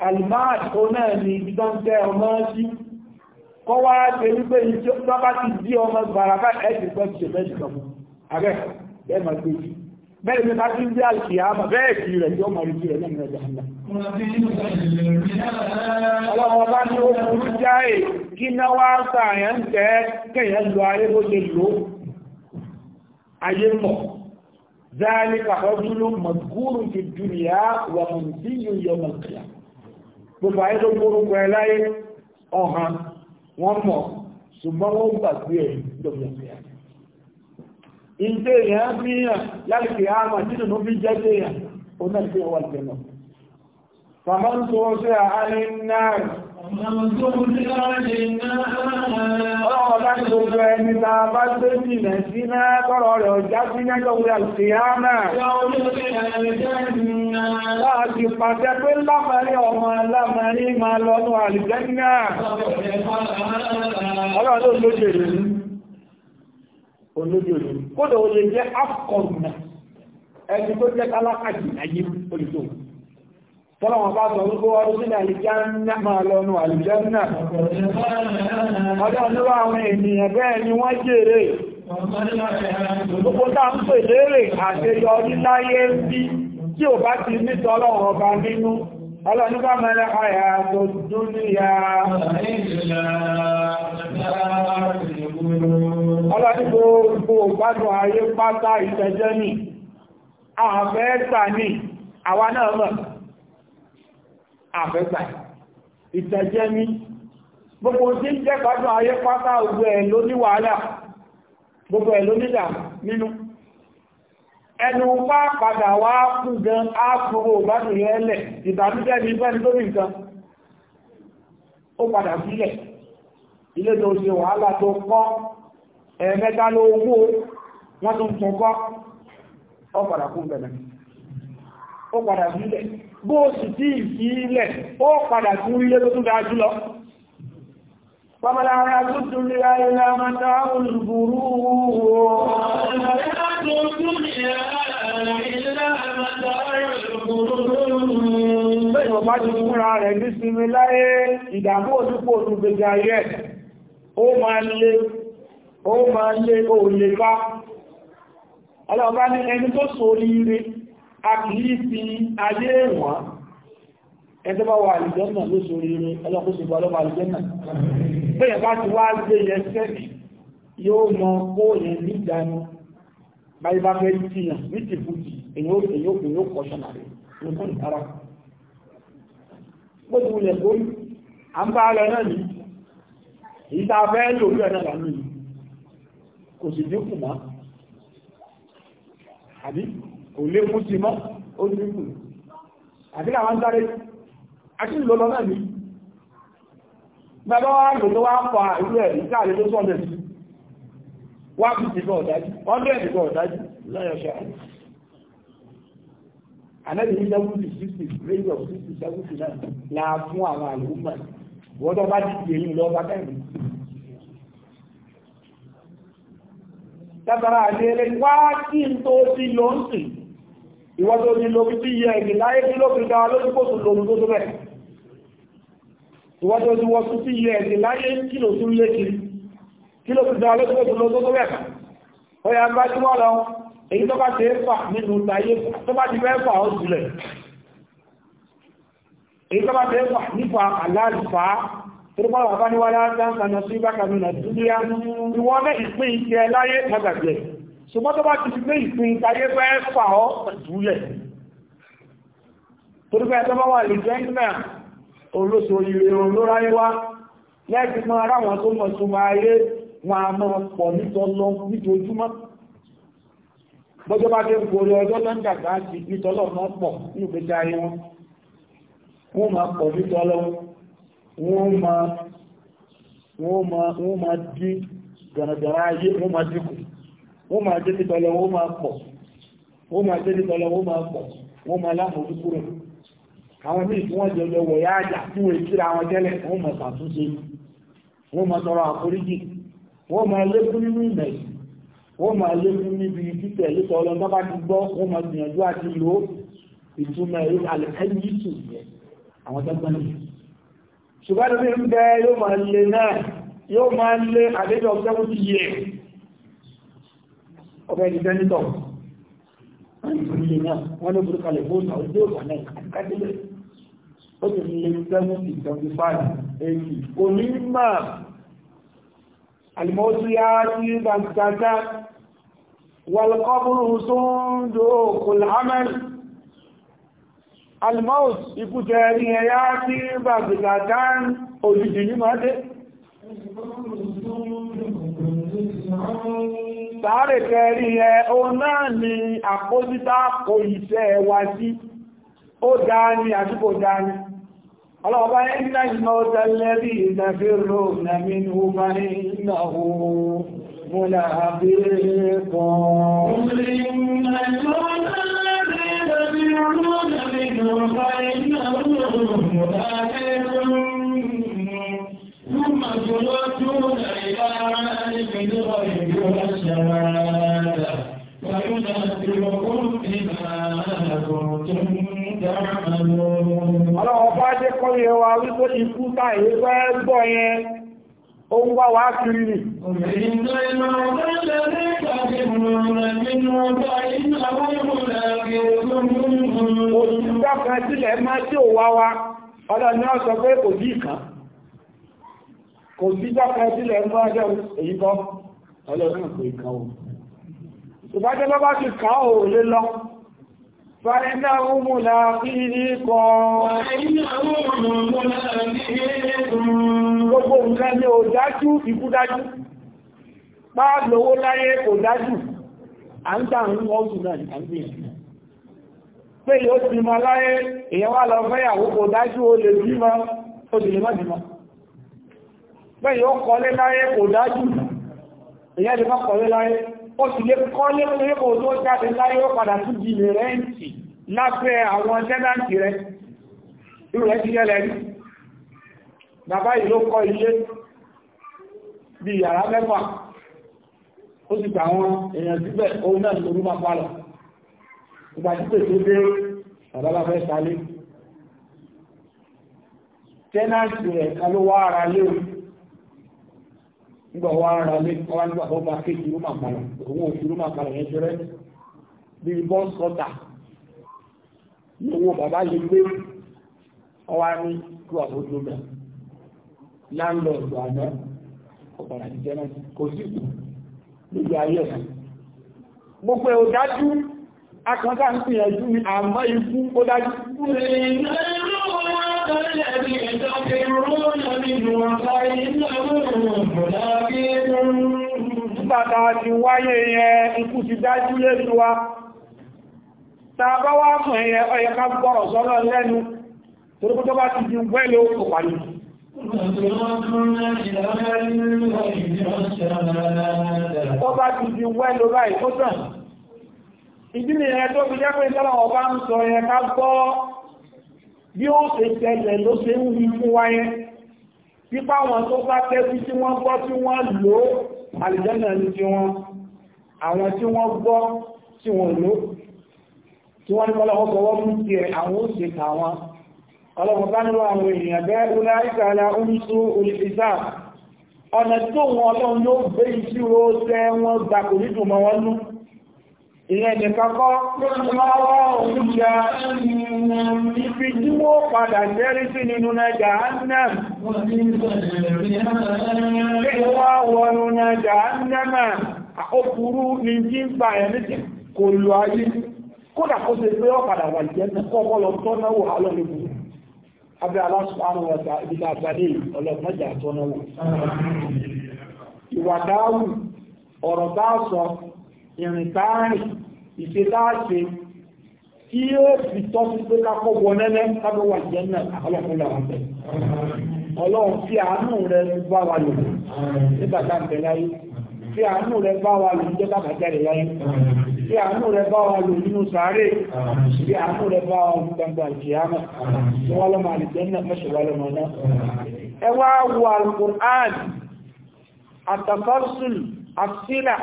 almad ó náà ni ìdọ́ntẹ́ ọmọ sí kọ́ wá ṣe wípé ìjọba ti dí ọmọ gbàràbá ẹ̀sìn pẹ́ ti ṣe mẹ́jì lọ abẹ́ bẹ́ẹ̀ máa gbé jù bẹ́ẹ̀ ni bá ti ń bí àṣìyàmà bẹ́ẹ̀ kì rẹ̀ yọ́ máa rí rẹ̀ lẹ́nu ذلك رجل مذكور في الدنيا ومنسي يوم القيامة gbogbo ayé tó gbórúkọ ẹ láyé ọ̀hán wọ́n mọ̀ ṣùgbọ́n wọ́n gbàgbé ẹ̀ lọ́gbọ̀n ìdé èèyàn bí yàn láti fi àmà nínú ló fi jẹ́ dé yàn ó náà fi ọwọ́ ìgbẹ̀nà fàmọ́ ń sọ ọ́ sí àárín náà Ọlọ́run bá ti gbogbo ẹni ta bá gbé jìnà sí náà tọ́rọ rẹ̀ ọjá sí mẹ́jọ orí àṣìyàmà. Láàájú pàṣẹ pé lámàrí ọmọ lámàrí máa lọ́nà àlìjẹ́nà. Ọlọ́run ló lójè rẹ̀ olójò rẹ̀. Kódò ó lè jẹ́ Tọ́lọ̀wọ̀n bá sọ wípé wọ́n tún sílẹ̀ àlìjánà máa lọ́nu àlìjánà. Ọjọ́ níwá àwọn ènìyàn bẹ́ẹ̀ ni wọ́n jèrè. Gbogbo táa ń pè lérè àṣeyọrí láyé bí tí ò bá ti ní tọ́lọ̀wọ̀n ọba nínú. Ọlọ́núbá mẹ́rẹ́ àyà tó dúníyà. Ọlọ́núbó gbogbo gbádùn ayé pátá ìtẹ́jẹ́ ni, àfẹ́ tà ní, àwa náà mọ̀. àfẹ́gbà ìtẹ̀jẹ́ mi gbogbo tí ń jẹ́ ayé pátá gbogbo ẹ̀ ló ní wàhálà gbogbo ẹ̀ ló nílà nínú ẹnu pá padà wá kú gan á kúrò gbádùn ní fẹ́ni tó ní nǹkan ó padà sílẹ̀ ilé tó ṣe wàhálà tó kọ́ ló owó wọ́n tún kọ́ ó bó sì tí ìfì ilẹ̀ ó padà tún ilé tó tún dáa jùlọ Pàmàlára tó tún lè ayé lámàtà olùgbòrú Bẹ́yìn ọba ti múra rẹ̀ ní sinmi láyé ìdàmú òdúpò olùgbèjà ayẹ́, ó máa lé, ó máa lé, ó lè bá. Ọlọ́ọ̀bá ní ẹni tó sórí rí a kìí fi ayé wọ́n ẹjọ́ bá wà àlìjọ́nà ló sórí rí ọlọ́kùnṣe bá lọ́wọ́ àlìjọ́nà bẹ́yẹ̀ bá ti wá gbé yẹ sẹ́ẹ̀kì yóò mọ kó yẹn ní ìdánu báyìí bá fẹ́ tìyàn ní tìfútì èyí ó pè yóò kọ́ṣọ́nà rẹ̀ lókùn ara bó ti wulẹ̀ kó à ń bá lọ náà ní èyí tá a fẹ́ lò bí ọ̀nà lànà yìí kò sì dínkù mọ́ àbí kò lé mú sí mọ́ ó ní àwọn sáré àti ìlò náà wa tó wá pa ìlú ẹ̀ ìta àlè tó sí ọ̀dájú ọ̀dẹ̀ ọ̀dájú lọ́yọ̀ ṣe ní fún àwọn tó bá ti di èyí lọ́wọ́ bá tẹ̀lé tàbára àti ẹlẹ́ wá kí n ìwọ́n tó ní lórí tí yẹ ẹ̀mì láyé tí ló fi dáa lórí kòtò lòrùn tó tó bẹ̀. ìwọ́n tó ní wọ́n tún tí yẹ ẹ̀mì láyé kí ló tún lé kiri kí ló fi dáa lórí kòtò lòrùn tó tó bẹ̀. ó yà bá tí wọ́n lọ èyí tó bá ti fà nínú láyé tó bá ti fẹ́ fà ó jùlẹ̀. èyí tó bá nípa àlàlùfà torípa bá níwájú dáńsà náà sí bákan náà dúdú yá ìwọ́n mẹ́ ìpín ìṣẹ́ láyé mọ́gàgbẹ́ ṣùgbọ́n tó bá ti fi lé ìpín ìtayé fẹ́ fà ọ́ jùlẹ̀ torí pé ẹjọ́ bá wà lè jẹ́ ìgbà olóso ilé olóráyé wá lẹ́ẹ̀kì mọ́ ara wọn tó mọ̀ tó máa yé wọn a mọ́ pọ̀ nítọ́lọ́ nítòjúmọ́ bọ́jọ́ bá dé gorí ọjọ́ tó ń dàgbà sí nítọ́lọ́ mọ́ pọ̀ ní ìgbésí ayé wọn wọ́n máa pọ̀ dín gànàgànà ayé wọ́n máa dínkù wọ́n máa jẹ́ nítọ́lọ wọ́n máa pọ̀ wọ́n máa jẹ́ nítọ́lọ wọ́n máa pọ̀ wọ́n máa láàmójú kúrò àwọn míì tí wọ́n jẹ́ lọ wọ̀ yá àjà fún èkíra wọn tẹ́lẹ̀ wọ́n máa ṣàtúnṣe wọ́n máa tọrọ àforíjì wọ́n máa lékún nínú ìmẹ̀ wọ́n máa lékún níbi títẹ̀ lítọ́ ọlọ́ tó bá ti gbọ́ wọ́n máa gbìyànjú àti lò ó ìtumọ̀ ẹ̀rọ alẹ́kẹ́yìtù àwọn tẹ́gbọ́n ṣùgbọ́n tó ń bẹ yóò máa le náà yóò máa le àdéjọ́ 70 years ọ̀fẹ́ di sẹ́nitọ̀ wọ́n ní ìfúnilé náà wọ́n ló burú kalẹ̀ fóònù àwọn ilé òkà náà àdìkájẹ́lẹ̀ ó ti fi seventy seventy five eighty onímọ̀ àlùmọ́sí á sí gbàgbàgbà wàlùkọ́bùrù tó ń do kùlhámẹ́lì àlùmọ́sí ikú jẹ́ ní ẹ̀yà sí gbàgbàgbà òjijì ní máa dé Sáré kẹrí ẹ, ó náà ni àpójítà kò ìṣẹ́ wa sí, ó dáa ni àti kò dáa ni. Ọlọ́ọ̀bá iná ìmọ̀ tẹ́lẹ̀ bí ìdàfẹ́ ìdàfẹ́ rò nàmí ní ó bá ní ìnà ohun àbẹ́rẹ́ يردون إلى عالم الغيب والشهادة وينبئكم بما jẹ́ kọ́ yẹ wa wípé ikú táyé fẹ́ gbọ́ yẹn, ó ń wá wá kiri nì. Òṣìṣẹ́ kan sílẹ̀ máa tí wá wá, ọlọ́ni ọ̀sọ̀ pé kò bí kò sí jọ́kẹ́ sílẹ̀ ń bọ́ ẹjọ́ èyí kọ́ ọlọ́run kò ìkan o ìbájẹ́ lọ́bá ti ká ò lé lọ fàínà òmùlà ìrí láyé kò dájú à ń tà ń wọ́n sùn náà ní pé yóò ti mọ láyé èyàn wà lọ fẹ́yàwó kò dájú ó lè bímọ ó pẹ́yìn ó kọlé láyé kò dájú èyàn lè má kọlé láyé ó sì lè kọlé pé kò tó jáde láyé ó padà tún di ilẹ̀ rẹ́ǹtì lábẹ́ àwọn tẹ́nàntì rẹ̀ irú rẹ̀ ti yẹ́lẹ̀ rí bàbá yìí ló kọ́ ilé bí yàrá mẹ́fà ó sì gbà àwọn èèyàn ló wá ara léwu nígbà wá ara lé wá nígbà tó bá kéjì ló máa kàrà òun òfin ló máa kàrà yẹn ṣe rẹ́ bí bọ́ọ̀sì kọ́tà ní owó bàbá lè gbé ọwá ní kú àbójú mẹ́ láńlọ́ọ̀dù àná ọ̀pàdà ti jẹ́nà kò sí kù lójú ayé ẹ̀ mo pe ò dájú akọ́ta ń pìyànjú ni àmọ́ ikú ó dájú. Ìrìnlẹ́rọ̀ wọn kọ́lẹ̀ bí تفرون منه فإنه ملاقيكم Nígbàtà ti wáyé yẹn ikú ti dájú lórí wa. Ta bá wá mọ̀ ẹ̀yẹ ọyẹ ká gbọ́rọ̀ sọ́lọ́ lẹ́nu, torí kútọ́ bá ti di wẹ́lẹ̀ ó pàlú. Ó bá ti di wẹ́lẹ̀ báyìí, ó tàn. Ìdí bí ó ṣe ṣẹlẹ̀ ló ṣe ń wí fún wáyé pípa wọn tó bá tẹ́sí tí wọ́n gbọ́ tí wọ́n lò ó àlìjẹ́nà ní tí wọ́n àwọn tí wọ́n gbọ́ tí wọ́n lò tí wọ́n ní kọ́lọ́wọ́ sọ wọ́n mú ti ẹ̀ àwọn ó ṣe kà wọn ọlọ́wọ́ bá nílò àwọn èèyàn bẹ́ẹ̀ oláríkàlà ń sú olùfisà ọ̀nà tó wọn ọlọ́run yóò gbé ìṣirò ṣẹ́ ìyẹn nìkan kọ́ lọ́wọ́ òmìnira ibi tí wọ́n padà jẹ́rí sí nínú nàjà annam wá wọnú nàjà annama àkókúrú ní jí ń gba ẹ̀mí tí kò lọ ayé kódà kó ṣe pé ọ̀padà wà jẹ́ kọ́kọ́ lọ tọ́ náwó alọ́lẹ́gbù abẹ́ aláṣùpárùn-ún ibi tá a gbadé ọlọ́pàá ìwà dáwù ọ̀rọ̀ bá ìrìn táàrìn ìṣe láàṣe tí ó fi tọ́ sí pé kákọ́ wọ nẹ́lẹ́ kábọ̀ wà jẹ́ náà ọlọ́run làwọn bẹ̀. ọlọ́run fi àánú rẹ bá wa lò nígbà tá à ń bẹ láyé fi àánú rẹ bá wa lò níjọ́ tá à bá jáde láyé fi àánú rẹ tí wọ́n lọ́mọ àlìjẹ́ náà mẹ́sẹ̀ wà náà. ẹ wá wo alukur'an àtàkọ́sùn àfílà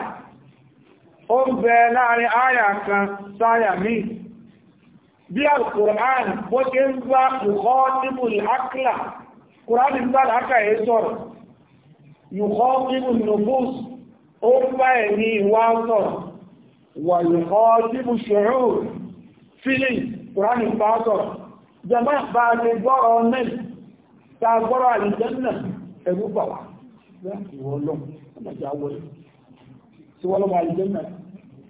ó ń bẹ láàrin àyà kan sáyà míì bí al-Qur'an bó ṣe ń bá ìkọ́ níbù l'ákìlà Qur'an ń bá l'ákà yẹ sọ̀rọ̀ ìkọ́ níbù nùbùs ó ń bá ẹ̀mí ìwá sọ̀rọ̀ wà ìkọ́ níbù ṣòro fílì Qur'an ń bá sọ̀rọ̀ jama bá lè gbọ́rọ̀ mẹ́lì ta gbọ́rọ̀ àlìjẹ́nà ẹ̀rú àlìjẹ́nà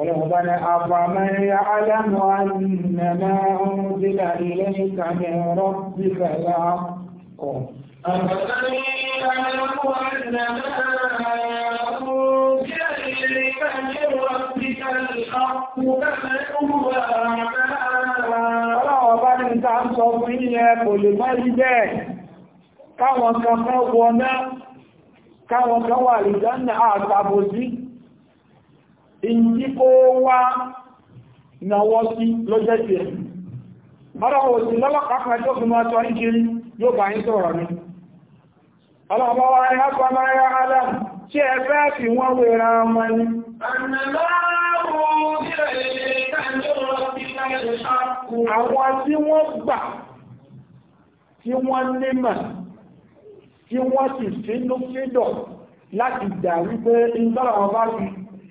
ربنا أفمن يعلم أن ما أنزل إليك من ربك الحق أفمن يعلم أن ما أنزل إليك من ربك الحق كمن هو Ọlọ́ọ̀bá ní ta ń sọ fún ilẹ̀ kò lè mọ́ ibẹ̀ káwọn kan fẹ́ wọná, káwọn kan wà lè jẹ́ ní àtàbòsí ìjí kó wá náwọ́ sí lọ́jẹ́ ẹ̀ lọ́lọ́pàá yóò bá yín wa ní ọkọ̀ máa tí ẹ fẹ́ fi wọ́n wéra ọmọ ni àwọn tí wọ́n gbà tí wọ́n nímọ̀ tí wọ́n sì sínú sídọ̀ láti dà wípé ìgbàlàwọ̀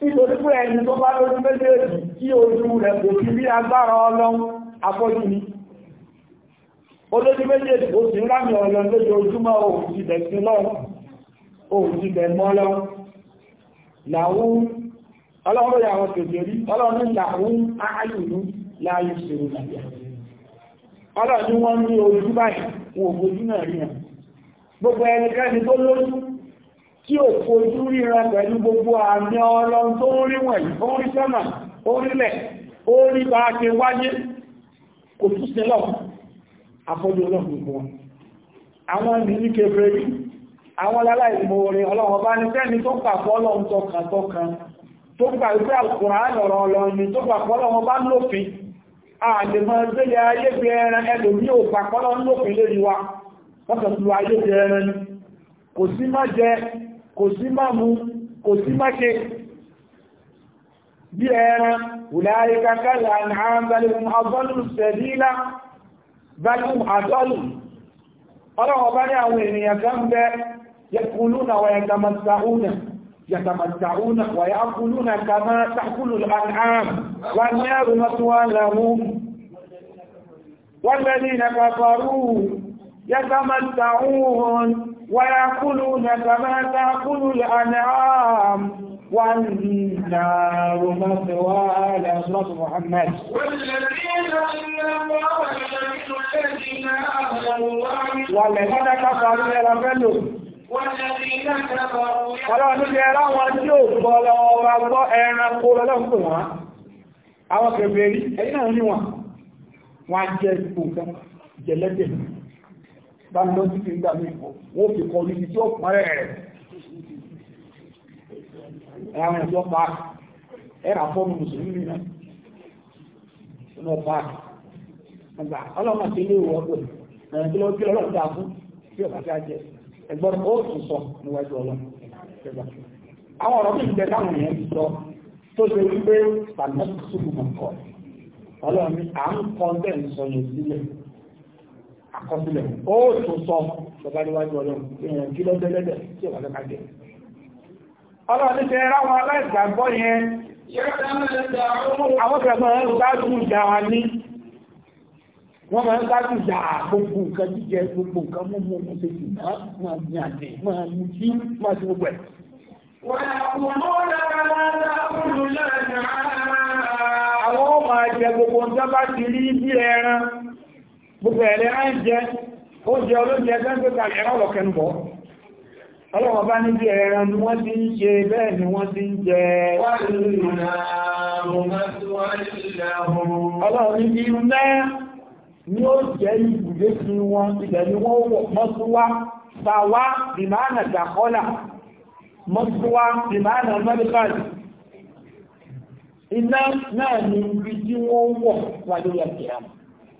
nítorí pé ẹni tó bá lójú méjèèjì tí ojú rẹ̀ kò fi rí agbára ọlọ́run afọ́jú ni olójú méjèèjì ó sì ń rámi ọlọ́run lójú ojúmọ́ òun ti bẹ̀ sí lọ́run òun ti bẹ̀ mọ́ lọ́run làwọn ọlọ́run ló yà wọn tètè rí ọlọ́run ní làwọn áyùnú láàyè ṣòro làyà ọlọ́run ní wọ́n ní ojú báyìí wọn ò gbójú náà rí hàn gbogbo ẹnikẹ́ni tó lójú tí ò fojú ríran pẹ̀lú gbogbo àmì ọlọ́run tó ń rí wọ̀nyí ó rí sọ́nà ó ó rí bá a wáyé kò tún sí lọ afọ́jú ọlọ́run gbogbo àwọn ènìyàn kébèrè àwọn aláìmòore ọlọ́run bá ní sẹ́ni tó pàpọ̀ ọlọ́run tó ẹran kò sí má mú kò sí má ṣe bí ẹran wùlárí kakáàlà ní àámbálẹ̀ ọgọ́lù sẹ̀dílá báyìí àdọ́lù ọlọ́wọ́ bá ní àwọn ènìyàn kan bẹ yẹkùnlúnà wà yàtàmàtàúnà yàtàmàtàúnà wà yàkùnlúnà kàmà tàkùnlù àrùn ويأكلون كما تأكل الأنعام والنار مثوى على صلاة محمد والذين كفروا يلبلوا Ọlọ́run ní ẹ̀rọ wọn tí ó gbọ́ lọ́wọ́ wa gbọ́ ẹranko lọ́pù wọn, àwọn kèfèrí, ẹ̀yìn náà ní wọn, wọ́n jẹ́ ìpò kan, jẹ́lẹ́dẹ̀ẹ́. bá lọ sí kí n gbà mí wọ́n fi kọ níbi tí ó parẹ́ rẹ̀ ẹ̀rọ ẹ̀jọ́ park ẹ̀rọ afọ́mù mùsùlùmí náà ọmọ park ọgbà ọlọ́mọ tí ilé ìwọ̀ ọgbẹ̀ ẹ̀rọ kí ló kí lọ́lọ́ dá fún tí ọ̀gá tí a jẹ ẹgbọ́n ó tún sọ níwájú ọlọ́mọ àwọn ọ̀rọ̀ bí ìgbẹ́ táwọn èèyàn ti sọ tó ṣe wípé pàtàkì sùkùmọ̀ kọ ọlọ́run à ń kọ́ bẹ́ẹ̀ sọ yẹn sílẹ̀ àkọsílẹ̀ ó tún sọ ìjọba níwájú ọlọ́run èèyàn kí lọ́jọ́ lẹ́dẹ̀ tí ìwà lọ́ka jẹ ọlọ́run ti ra wọn aláìgbàgbọ́ yẹn àwọn kan máa ń gbádùn ìjà wa ní wọ́n máa ń gbádùn ìjà gbogbo nǹkan jíjẹ gbogbo nǹkan mú mú mú ṣe jùlọ máa ń yànjẹ máa ń jí máa ṣe gbogbo ẹ̀ àwọn ọmọ àjẹ gbogbo nǹkan bá ti rí bí ẹran gbogbo ẹ̀lẹ́ ránjẹ́ oúnjẹ olóúnjẹ gbẹ́gbẹ́gbà ẹ̀rọ ọ̀kẹ́nubọ̀ ọlọ́wọ́ bá níbi ẹran ni wọ́n ti ń ṣe bẹ́ẹ̀ ni wọ́n ti ń jẹ ọlọ́wọ́ níbi iná ni ó jẹ́ ibùdé sí wọn ilẹ̀ ni wọ́n mọ́súwá sàwá ìmáànà náà ni ibi tí wọ́n wọ̀ wà lórí àkìyàmù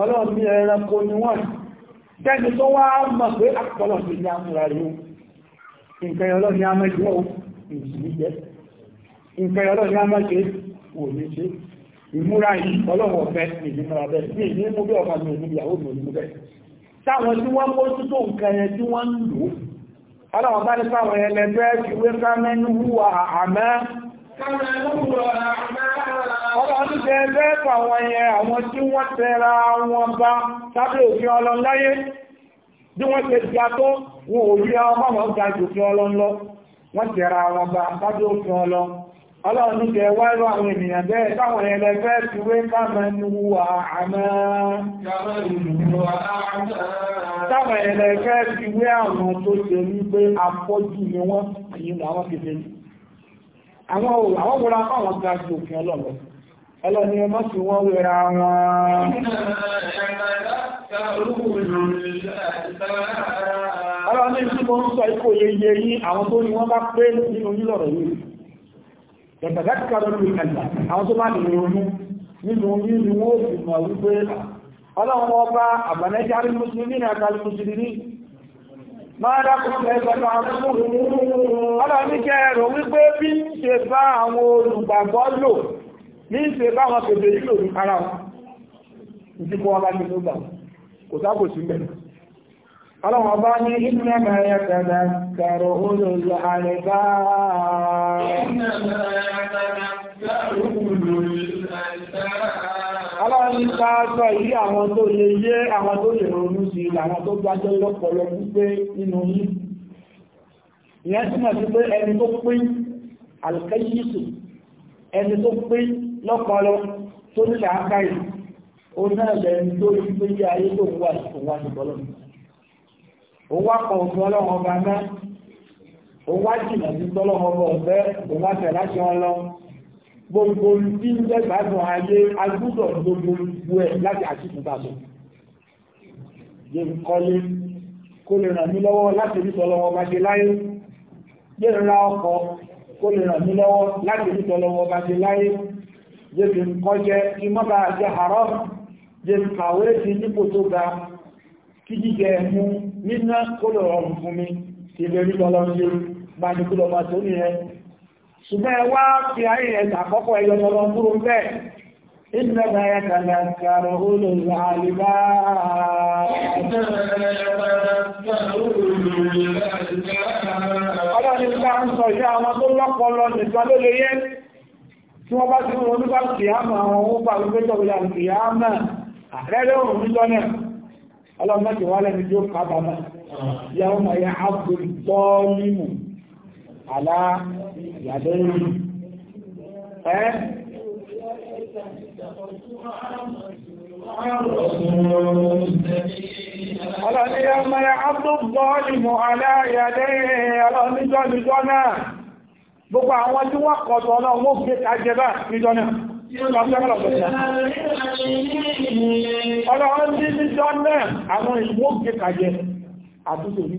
ọlọ́ọ̀bí ẹranko ni wọ́n tẹ́ni tó wá mọ̀ pé àpọ̀lọ̀bí ní àmúra rí o nǹkan ọlọ́ni amẹ́jọ́ ìsìnkú jẹ́ nǹkan ọlọ́ni amẹ́jọ́ òní ṣe ìmúra yìí ọlọ́wọ̀ fẹ́ ìdímọ̀ra bẹ́ẹ̀ ní ìdí mú bí ọmọ mi ò níbi àwọn òmìnir bẹ́ẹ̀ táwọn tí wọ́n mọ́ sí tó nǹkan yẹn tí wọ́n ń lò ọlọ́wọ̀ bá ní sáwọn ẹlẹgbẹ́ ìwé ká mẹ́nu wà àmẹ́ Ọlọ́run jẹ ẹgbẹ́ẹ̀kọ́ àwọn yẹn àwọn tí wọ́n tẹra wọn bá sábẹ́ òfin ọlọ́n láyé. Bí wọ́n ṣe ga tó, wọn ò rí ọmọ mọ́ ga jù fún ọlọ́n lọ. Wọ́n tẹra wọn bá sábẹ́ òfin ọlọ́n. Ọlọ́run jẹ wáìrọ àwọn ènìyàn bẹ́ẹ̀ táwọn yẹn lẹ́fẹ́ ti wé kámẹ́nu wà àmà. Táwọn yẹn lẹ́fẹ́ ti wé àwọn tó ṣe wípé afọ́jú ni wọ́n, àyíwọ̀n àwọn kìfẹ́ yìí àwọn òwò àwọn wòrán àwọn ga ju òfin ọlọ́lọ́ ọlọ́ni ọmọ sí wọ́n wéra wọn ọlọ́ni tí mo ń sọ ikú yeye yí àwọn tó ní wọ́n bá pé nínú nílọ̀rọ̀ yìí ẹ̀bẹ̀dá kíkàrọ̀ ní ìkàjà máa dákùnlẹ̀ ìgbàgbà ọlọ́níkẹ́ ẹ̀rọ wípé bí ń ṣe bá àwọn olùgbàgbọ́ lò ní ṣe bá wọn pèbè ìlò ní ara wọn ìdí ẹ̀mà ẹ̀yà àrẹ̀bá aláàrin sáàtọ̀ yí àwọn tó lè yé àwọn tó lè ronú sí àwọn tó gbájọ́ lọ́pọ̀lọ́ pípé nínú yìí ìyẹn túnmọ̀ sí pé ẹni tó pín alkayisu ẹni tó pín lọ́pọ̀lọ́ tó ní làákàyè ó náà lẹ́ni tó rí pé yí ayé tó wà tó wà ní bọ́lọ́ ó wá kan òfin ọlọ́run ọba náà ó wá jìnà sí tọ́lọ́run ọba ọ̀fẹ́ ó wá tẹ̀ láti wọn lọ́wọ́ gbogbo tí ń jẹ́ gbádùn ayé agbúdọ̀ gbogbo ìwú ẹ̀ láti àṣìkò tàbí yẹ ń kọ́lé kó lè ràn mí lọ́wọ́ láti rí tọ́lọ́wọ́ bá ṣe láyé yẹ ń ra ọkọ̀ kó lè ràn mí lọ́wọ́ láti rí tọ́lọ́wọ́ bá ṣe láyé yẹ fi ń kọ́jẹ́ kí mọ́ bá jẹ́ àárọ̀ yẹ ń kàwé sí nípò tó ga kí jíjẹ mú níná kó lè rọrùn fún mi ìlérí tọ́lọ́wọ́ ṣe máa ní kúlọ̀ máa tó nìyẹn ṣùgbọ́n ẹ wá fi ayé ẹ̀ta àkọ́kọ́ ẹyọ lọ́lọ́ dúró bẹ́ẹ̀ إِنَّمَا يَتَذَكَّرُ أُولُو الْأَلْبَابِ Ọlọ́run bá ń sọ ìyá àwọn tó lọ́pọlọ nìkan ló lè yẹ́ tí wọ́n bá ti wọ́n onígbà kìyàmà àwọn ohun bá wípé tó wíyà kìyàmà àrẹ́rẹ́ òun ní lọ́nà ọlọ́mọ́kì wà lẹ́ni tí ó kábàmà yàwó mọ̀ yà ábùrù tọ́ mímù àlá yàtẹ̀yìn ẹ́ ọlọ́ni yá mẹ́rẹ ápùpọ̀ọ́lì mọ̀ aláyàdẹ́ ọlọ́nijọ́ nijọ́ náà gbogbo ya tí wọ́n kọ̀tọ̀ ọlọ́run náà Ọlọ́run ní níjọ́ náà àwọn ìwó gbé kàjẹ àtúntò ní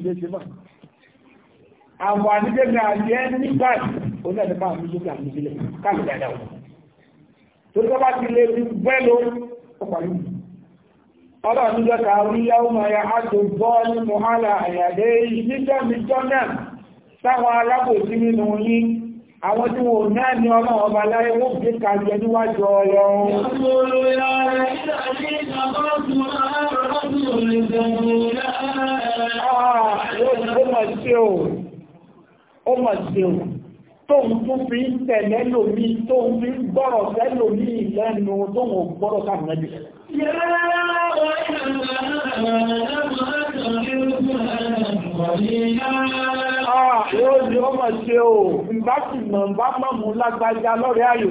gbé oní ẹ̀dẹ̀ bá mi lókè àmì ìbílẹ̀ káàmì dáadáa wọn. torí bá bá ti lè fi bẹ́ẹ̀ ló ó parí mi. ọ̀rọ̀ àtijọ́ ya àjò bọ́ọ̀lù mọ́hálà àyàdé ìdíjọ́ mi jọ́ náà sáwọn alábòsí nínú yín àwọn tí wọn náà ní ọmọ ọba láyé wọ́n fi kàjẹ níwájú ọ̀rọ̀ ah, ó mọ̀ sí o tóun tún fi ń tẹ̀lé lòmí tóun fi ń gbọ́rọ̀ tẹ́ lòmí lẹ́nu tóun gbọ́rọ̀ sáàmù ẹbí Yóò ní ọmọ ṣe o, ìbá sì mọ̀ bá mọ̀ mú lágbàjá lọ́rẹ̀ ayò.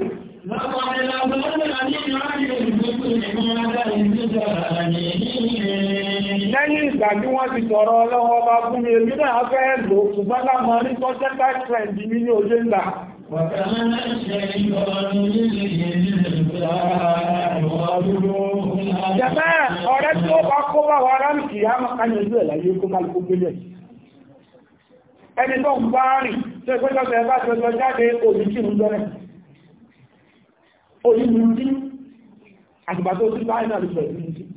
Lọ́pàá lẹ́yìn ìgbà bí wọ́n ti sọ̀rọ̀ ọlọ́wọ́ bá fún mi èmi náà fẹ́ lò ṣùgbọ́n lámọ́ ní kọ́sẹ́kà trend mi ní ojú ńlá Jẹ́fẹ́ ọ̀rẹ́ tí ó bá kó bá wa rámi kìí á máa kányẹ̀ ojú ẹ̀ láyé kó máa kó gbélẹ̀. Ẹni tó ń bá rìn tó ìpínlẹ̀ bá ti ọjọ́ jáde òjìjì ń gbẹ́rẹ̀. Òjìjì ń dín, àtìgbà tó ti bá ìrìnàlùfẹ̀ ìrìnàlùfẹ̀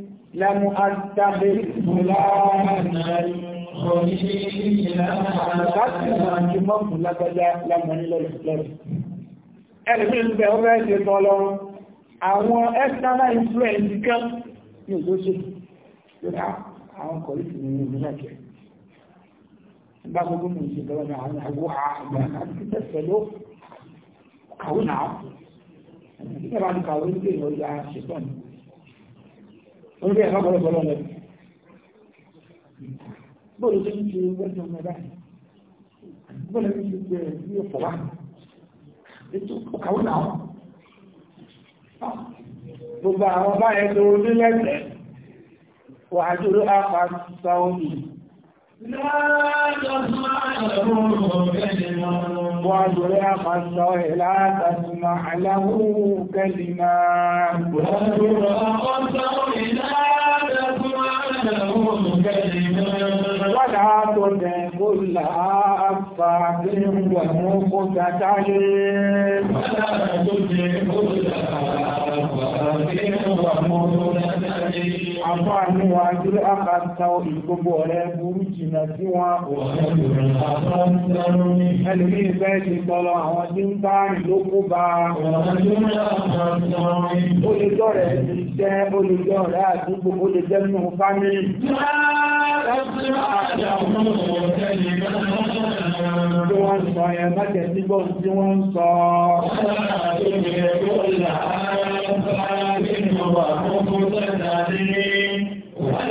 lẹ́mú àtàbẹ̀ àwọn external influence kan ní òṣèṣe lórí àwọn kọ̀lùkù ní ìrìnàjẹ́ bá gbogbo mú ìṣẹ́gbọ́n ní àwọn àgbò àgbà àti tẹ́sẹ̀lú kàwé náà ẹ̀mọ̀ tí kẹwàá ní kàwé ní ìrìnàjẹ́ ṣetán orí ẹ̀rọ ọ̀pọ̀lọpọ̀ lọ́lẹ̀ bóòlù tó ń ṣe wẹ́jọ mẹ́ta bóòlù tó ń ṣe pé ní ọ̀pọ̀ wá ètò ọ̀kàwé náà gbogbo àwọn bá ẹ̀ tó ní lẹ́sẹ̀ wà á dúró àpá sáwọ́nì Wàdúrí àpàṣọ ìlàtàtùmà aláwò kẹlìmà. Wàdúrí àpàṣọ là كفار ومقتتل ولا تجد Àfáàní wa tí a kà ìgbogbo ọ̀rẹ́ burú jìnà sí wọn ẹlùmí ìfẹ́ ti tọrọ àwọn tí ń bá rìn ló kó bá ó lè jọ rẹ̀ ti jẹ́ ó rẹ̀ àdúgbò ó lè jẹ́ nínú fámílì. Láàrín tí wọ́n ń sọ ẹ mẹ́jẹ̀ sígbó tí wọ́n ń sọ Wọ́n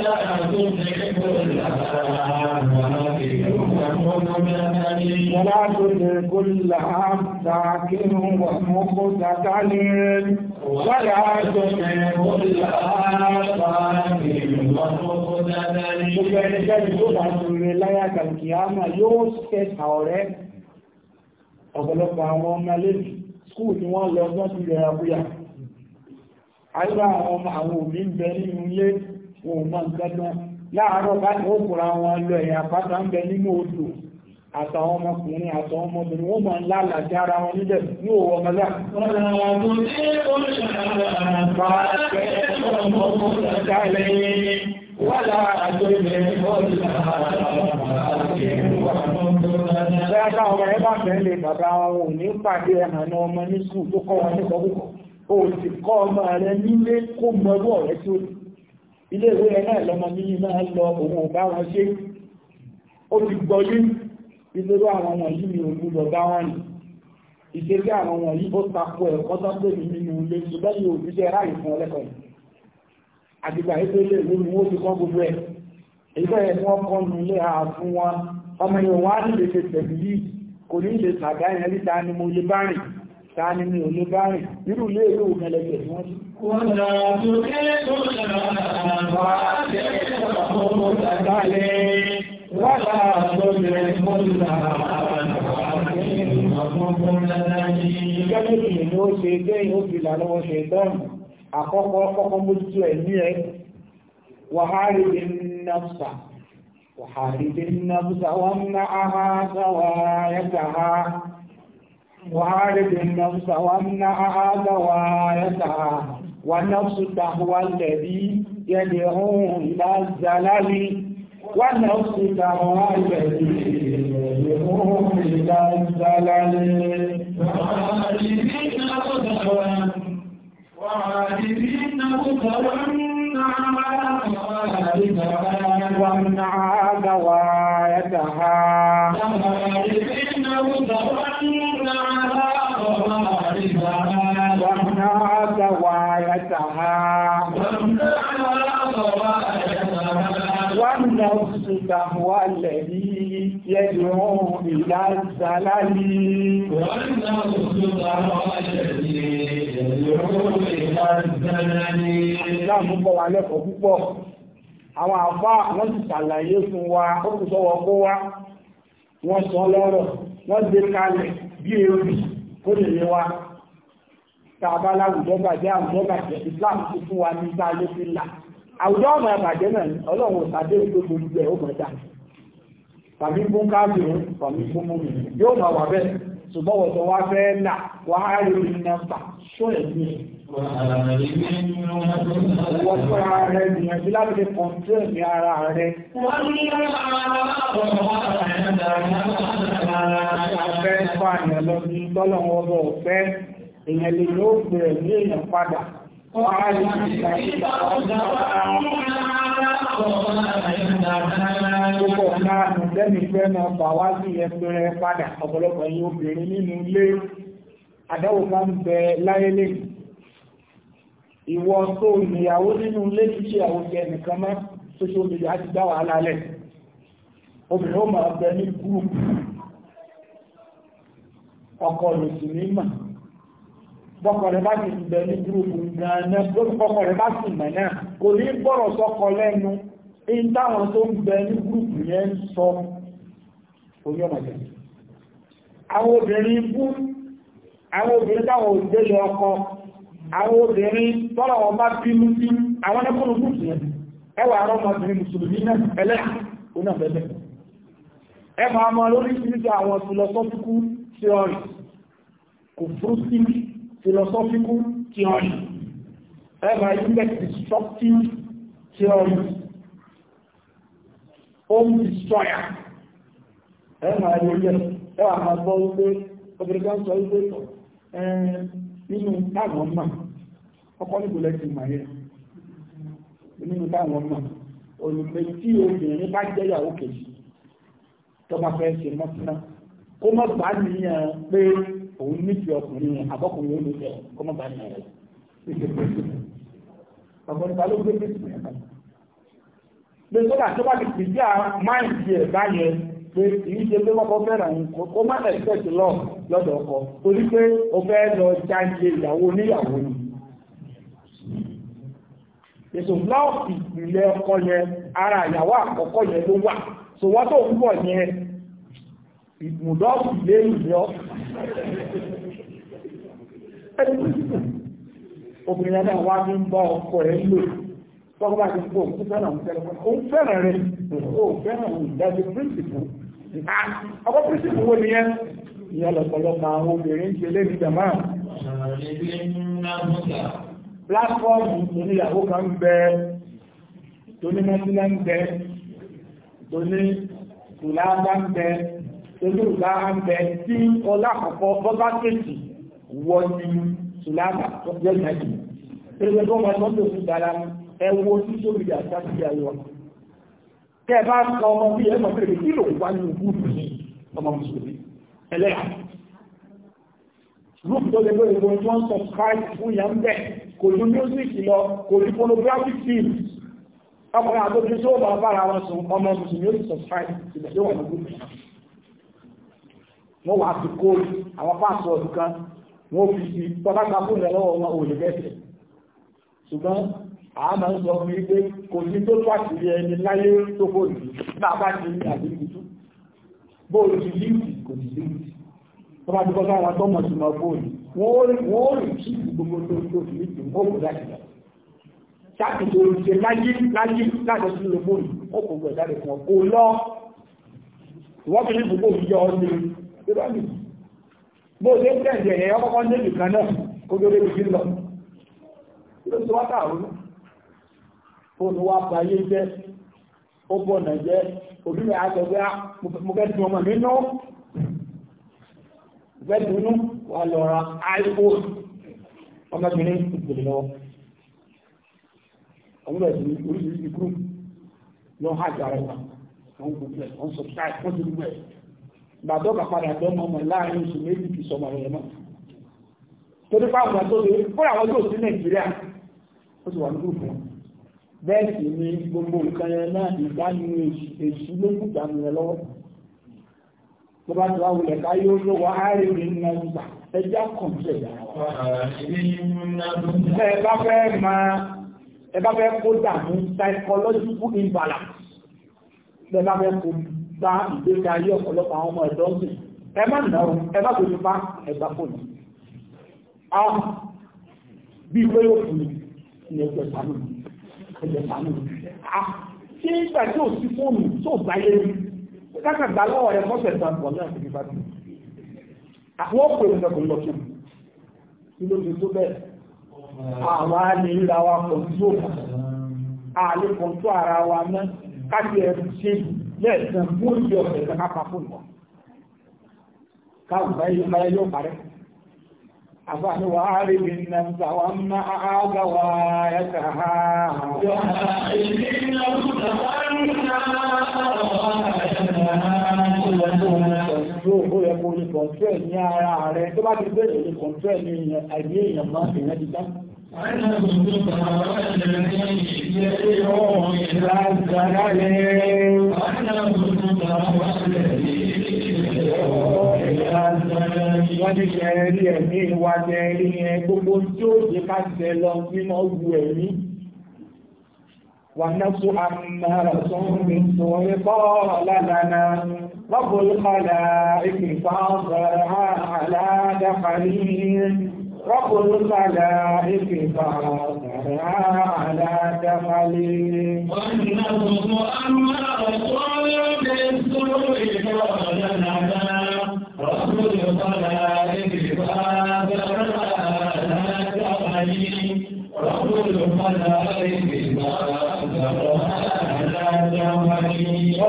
lára tó ń ṣe ẹgbẹ̀rẹ̀ lára. ولا تطع كل أفاك ومقتتل ولا تطع كل أفاك ومقتتل Gbogbo ẹnikẹ́ni tó bá ti rẹ̀ láyá kàkìyàmà yóò tẹ́ta ọ̀rẹ́ ọ̀pọ̀lọpọ̀ àwọn ọmọ lẹ́bí skúù tí wọ́n lọ ọjọ́ ti rẹ̀ àbúyà. Àyíká àwọn ọmọ àwọn òbí ń bẹ nínú ilé wọn ò mọ̀ nǹkan náà. Láàárọ̀ bá ní ó kùra wọn lọ ẹ̀yà pátá ń bẹ nínú odò àtàwọn ọmọkùnrin àtàwọn ọmọbìnrin wọ́n mọ̀ ńlá àlàjá ara wọn níbẹ̀ ní òwò ọmọlá Bẹ́ẹ̀ká ọmọ ẹ bá fẹ́ lè bàbá wọn ò ní pàdé ẹ̀hànà ọmọ ní tó kọ́ wọn nípa púpọ̀. O sì kọ́ ọmọ rẹ nílé kó ìṣerú àwọn ọmọ yìí ni òkú lọ bá wọn ni ìṣerú àwọn ọmọ yìí ó takò ẹ̀kọ́ tó pè mí nínú ilé ṣùgbọ́n yìí òbí jẹ́ ráàyè fún ọlẹ́kọ̀ọ́ yìí àgbègbè àyíkó ilé ìlú ni wọ́n ti kọ́ gbogbo ẹ̀ èyí tó yẹ kí wọ́n kọ́ nu ilé àá fún wọn ọmọ yìí wọn á ní lè ṣe tẹ̀lé yìí kò ní lè tàgá yẹn rí ta ni mo lè bá rìn ta ni mi ò lè bá rìn irú ilé ìlú mẹlẹgbẹ tí wọ́n ti. wọ́n lọ sí ilé tó lọ́wọ́ àwọn àti ẹ̀kọ́ ولا تدركن Gẹ́gẹ́ bí ni ó ṣe jẹ́ ìhófìlà lọ́wọ́ ṣe dánù, àkọ́kọ́ ọkọ́kọ́ mójútó ẹ̀mí ẹ̀, wàhárí bí náfsà, wàhárí bí náfsà wọ́n ná áhá sáwà yẹ́ta ha, wàhárí bí náfsà wọ́n ná áhá sáwà yẹ́ta ha, wà náfsù tàhúwà lẹ̀bí yẹ́lẹ̀ ونفسك ما تجد لهم من الزلل وعالمين قدرا وعالمين قدرا والنعام وايتها وعالمين قدرا والنعام وايتها والنعام وايتها والنفس والذي يدعو إلى السلام والنفس والذي يدعو إلى السلام Ìlàmù bọ̀ wà lẹ́kọ̀ọ́ púpọ̀. Àwọn àfá wọ́n ti ṣàlàyé fún wa, ó kù sọ́wọ́ kó wá, wọ́n sọ lọ́rọ̀, wọ́n gbé kalẹ̀ bí èrì kó lè lè wa. Tàbá láwùjọ bàjẹ́ àwùjọ bàjẹ́, ìsìláàmù ti fún wa ní ìgbà fi là àwùjọ ọmọ àbàjẹ́ náà ni ọlọ́run ìpàdé tó gbogbo ẹ̀ ó mọ̀ dá tàbí fún káàkiri tàbí fún mú mi yóò máa wà bẹ́ẹ̀ ṣùgbọ́n wọ́n tó wá fẹ́ là wà á rí mi náà fà ṣó ẹ̀mí ẹ̀. wọ́n tó ra rẹ̀ gbìyànjú láti fi kọ̀ǹtírẹ̀ ní ara rẹ̀. afẹ́ fún àyàn lọ sí tọ́lọ́wọ́ bọ̀ ọ̀fẹ́ èèyàn lè ní ó gbèrè ní èèyàn padà Ọ̀pọ̀ láàrín lẹ́nìfẹ́ náà bà wá sí ẹgbẹ̀rẹ̀ padà ọ̀pọ̀lọpọ̀ yìí obìnrin nínú ilé àdáwò bá ń bẹ láyé lè. Ìwọ tó ìyàwó nínú ilé ti ṣe àwòjẹ nìkan mọ́ social media ti dá wàhálà lẹ̀. Obìnrin ó máa bẹ ní gúrùpù. Ọkọ lòsì ní mà bọ́kọ̀ rẹ̀ bá ti bẹ ní gúrùpù gan-an lórúkọ́kọ̀ rẹ̀ bá sì mẹ̀ náà kò ní gbọ́rọ̀ sọ́kọ lẹ́nu in táwọn tó ń bẹ ní gúrùpù yẹn ń sọ orí ọmọ jẹ àwọn obìnrin ibú àwọn obìnrin táwọn òdélé ọkọ àwọn obìnrin tọ́lọ̀ wọn bá bínú sí kò fúrú sí philosophical theory ẹ̀rọ ilẹ̀ destructive theory home destroyer ẹ̀rọ ilẹ̀ ẹwà àwọn ọgbọ́ wípé obìnrin sọ wípé nínú táwọn náà ọkọ̀ nígbòlẹ̀ ti mà yẹ nínú táwọn náà olùgbé tí obìnrin bá jẹ́yàwó kejì tó bá fẹ́ ṣe mọ́síná kó mọ́ gbà níyàn pé òun nífẹ̀ẹ́ ọkùnrin yẹn àbọ̀kùnrin yẹn ló fẹ́ kọ́mọ́ bá nà rẹ̀ ọkùnrin bá ló gbé bí ìsìn ẹ̀ka. pé sọ́dà tó bá ti pè sí ẹ̀ báyẹn pé kì í ṣe pé fẹ́ràn nǹkan kó má lọ lọ́dọ̀ torí pé o fẹ́ lọ jáde ìyàwó oníyàwó ni. èso ìpìlẹ̀ ọkọ ara ìyàwó àkọ́kọ́ yẹn ló wà ìmùdọ́ọ̀sì lé ìyọ́ ẹni tó obìnrin ẹ̀dá wá ní ń bá ọkọ ẹ̀ lò tọ́kọ́ bá ti pọ̀ tó fẹ́ràn òun tẹ́lẹ̀ ó fẹ́ràn rẹ̀ ó fẹ́ràn òun dájú píríncìpù ah, ọkọ̀ píríncìpù wo nìyẹn ìyẹn lọ̀pọ̀lọpọ̀ àwọn obìnrin ń ṣe lé ní jàmá pláfọ́ọ̀mù oníyàwó kan ń bẹ tó ní mọ́sílẹ̀ ń bẹ tó ní tùlágbá ń bẹ olóògbà àbẹ̀ tí ọlá àkọ́kọ́ bọ́bá kéèkì wọ ní sùlámà lọ́jọ́ ìrìnàjò pẹ̀lú bọ́ wọn lọ́dọ̀ sí dára ẹwọ tí tó rí àṣà sí ayọ kẹ bá sọ ọmọ bí ẹ mọ̀ pé kí ló wá ní ogún ní ọmọ mùsùlùmí ẹlẹ́yà rúùpù tó lè lórí ohun tí wọ́n sọ káàkiri fún ìyá ń bẹ̀ kò ní music lọ kò ní pornographic bá bára wọn sùn ọmọ mùsùlùmí ó sì sọ káàkiri sílẹ̀ yóò wà ní ogún wọ́n wà fi kóòlù àwọn páàsọ̀ọ̀dù kan wọ́n fi sí pọ́lápá fún ẹ̀lọ́wọ́ wọn ò lè bẹ́ẹ̀ ṣùgbọ́n àmà ń sọ fún wípé kò ní tó pàtìrí ẹni láyé tó bóòlù náà bá ti ní àdínkùtù bóòlù ti líìtì kò ní líìtì tó bá dúpọ́ sáwọn tó mọ̀ sí mọ bóòlù wọ́n ó rìn sí gbogbo tó tó fi líìtì mọ́kù láti lọ sáàtì tó ń ṣe láyé láyé láti sí lọ bóòlù ó kò gbẹ̀ jáde fún ọ kò lọ wọ́n fi ní gbogbo òjò ọdún tó bá mi bó ṣe ń tẹ̀lé ẹ̀yẹ ọkọ̀kọ́ ní ìlú kan náà kó tó débi sí lọ ló ti wá káàrún fóònù wa pa ayé jẹ́ ó bọ̀ nà jẹ́ òbí mi àjọ pé ah, mo fẹ́ tún ọmọ mi nú fẹ́ dunú wà lọ ra àìkú ọmọbìnrin ìgbèrè lọ ọmọdé ìsinmi oríṣiríṣi group lọ hajj ara wọn gbogbo ẹ wọn sọ gbàdọ́gà padà bẹ́ mọ́mọ̀ láàrin oṣù méjì kì sọmọ rẹ̀ mọ́ torí fáwọn tó lè fún àwọn yóò sí nàìjíríà ó sì wà ní gúrùfù bẹ́ẹ̀ sì ni gbogbo nǹkan yẹn náà ìdánu èṣù ló ń gbùgbà mi rẹ̀ lọ́wọ́ tó bá ti wá wulẹ̀ ká yóò ló wá áàrẹ mi ń náà gbà ẹjẹ́ kọ̀ǹtẹ̀ ẹ bá fẹ́ máa ẹ bá fẹ́ kó dàmú psychological imbalance ẹ bá bá ìgbéga ayé ọ̀pọ̀lọpọ̀ àwọn ọmọ ẹ̀dọ́ sí ẹ má nà ó ẹ má gbèsè bá ẹgbà fòlù a bí pé yóò fún mi ní ẹgbẹ́ sánú ẹgbẹ́ sánú a ṣé ìgbà tí ò sí fóònù tó gbá yé mi kákà gbà lọ́wọ́ rẹ mọ́sẹ̀ tán wọ́n náà fi bá dùn àwọn òpè mi lọ́kùnrin lọ́kùn kí ló fi tó bẹ́ẹ̀ àwọn àlèríra wa kò tó àlékòó tó ara wa náà káàkiri ẹ̀rù ṣéèkì lẹ́ẹ̀sán mú ìdí ọ̀sẹ̀ kan kápá fún wọn káwọn báyìí báyìí yóò parẹ́ àfààní wà á rí mi nà ń sàwà ń ná àágà wà ẹ̀ kà á. Ó yẹ kó ní kọ̀ǹtẹ́ẹ̀ ní ara rẹ̀ tó bá ti bẹ̀rẹ̀ ní kọ̀ǹtẹ́ẹ̀ ní àìní Wọ́n ti ṣe rí ẹ̀mí wa jẹ rí ẹ gbogbo tí ó jẹ ká jẹ lọ mímọ́ wu ẹ̀mí. Wà náà fún àmàrà tó ń rí sórí kọ́ lálànà. Wọ́n kò lọ́kọ̀ọ́lá ìpínfà ọ̀sọ̀rọ̀ àládàkàrí. وكل ملائك فاطر على دخلي والنظم أمر طول بالسوء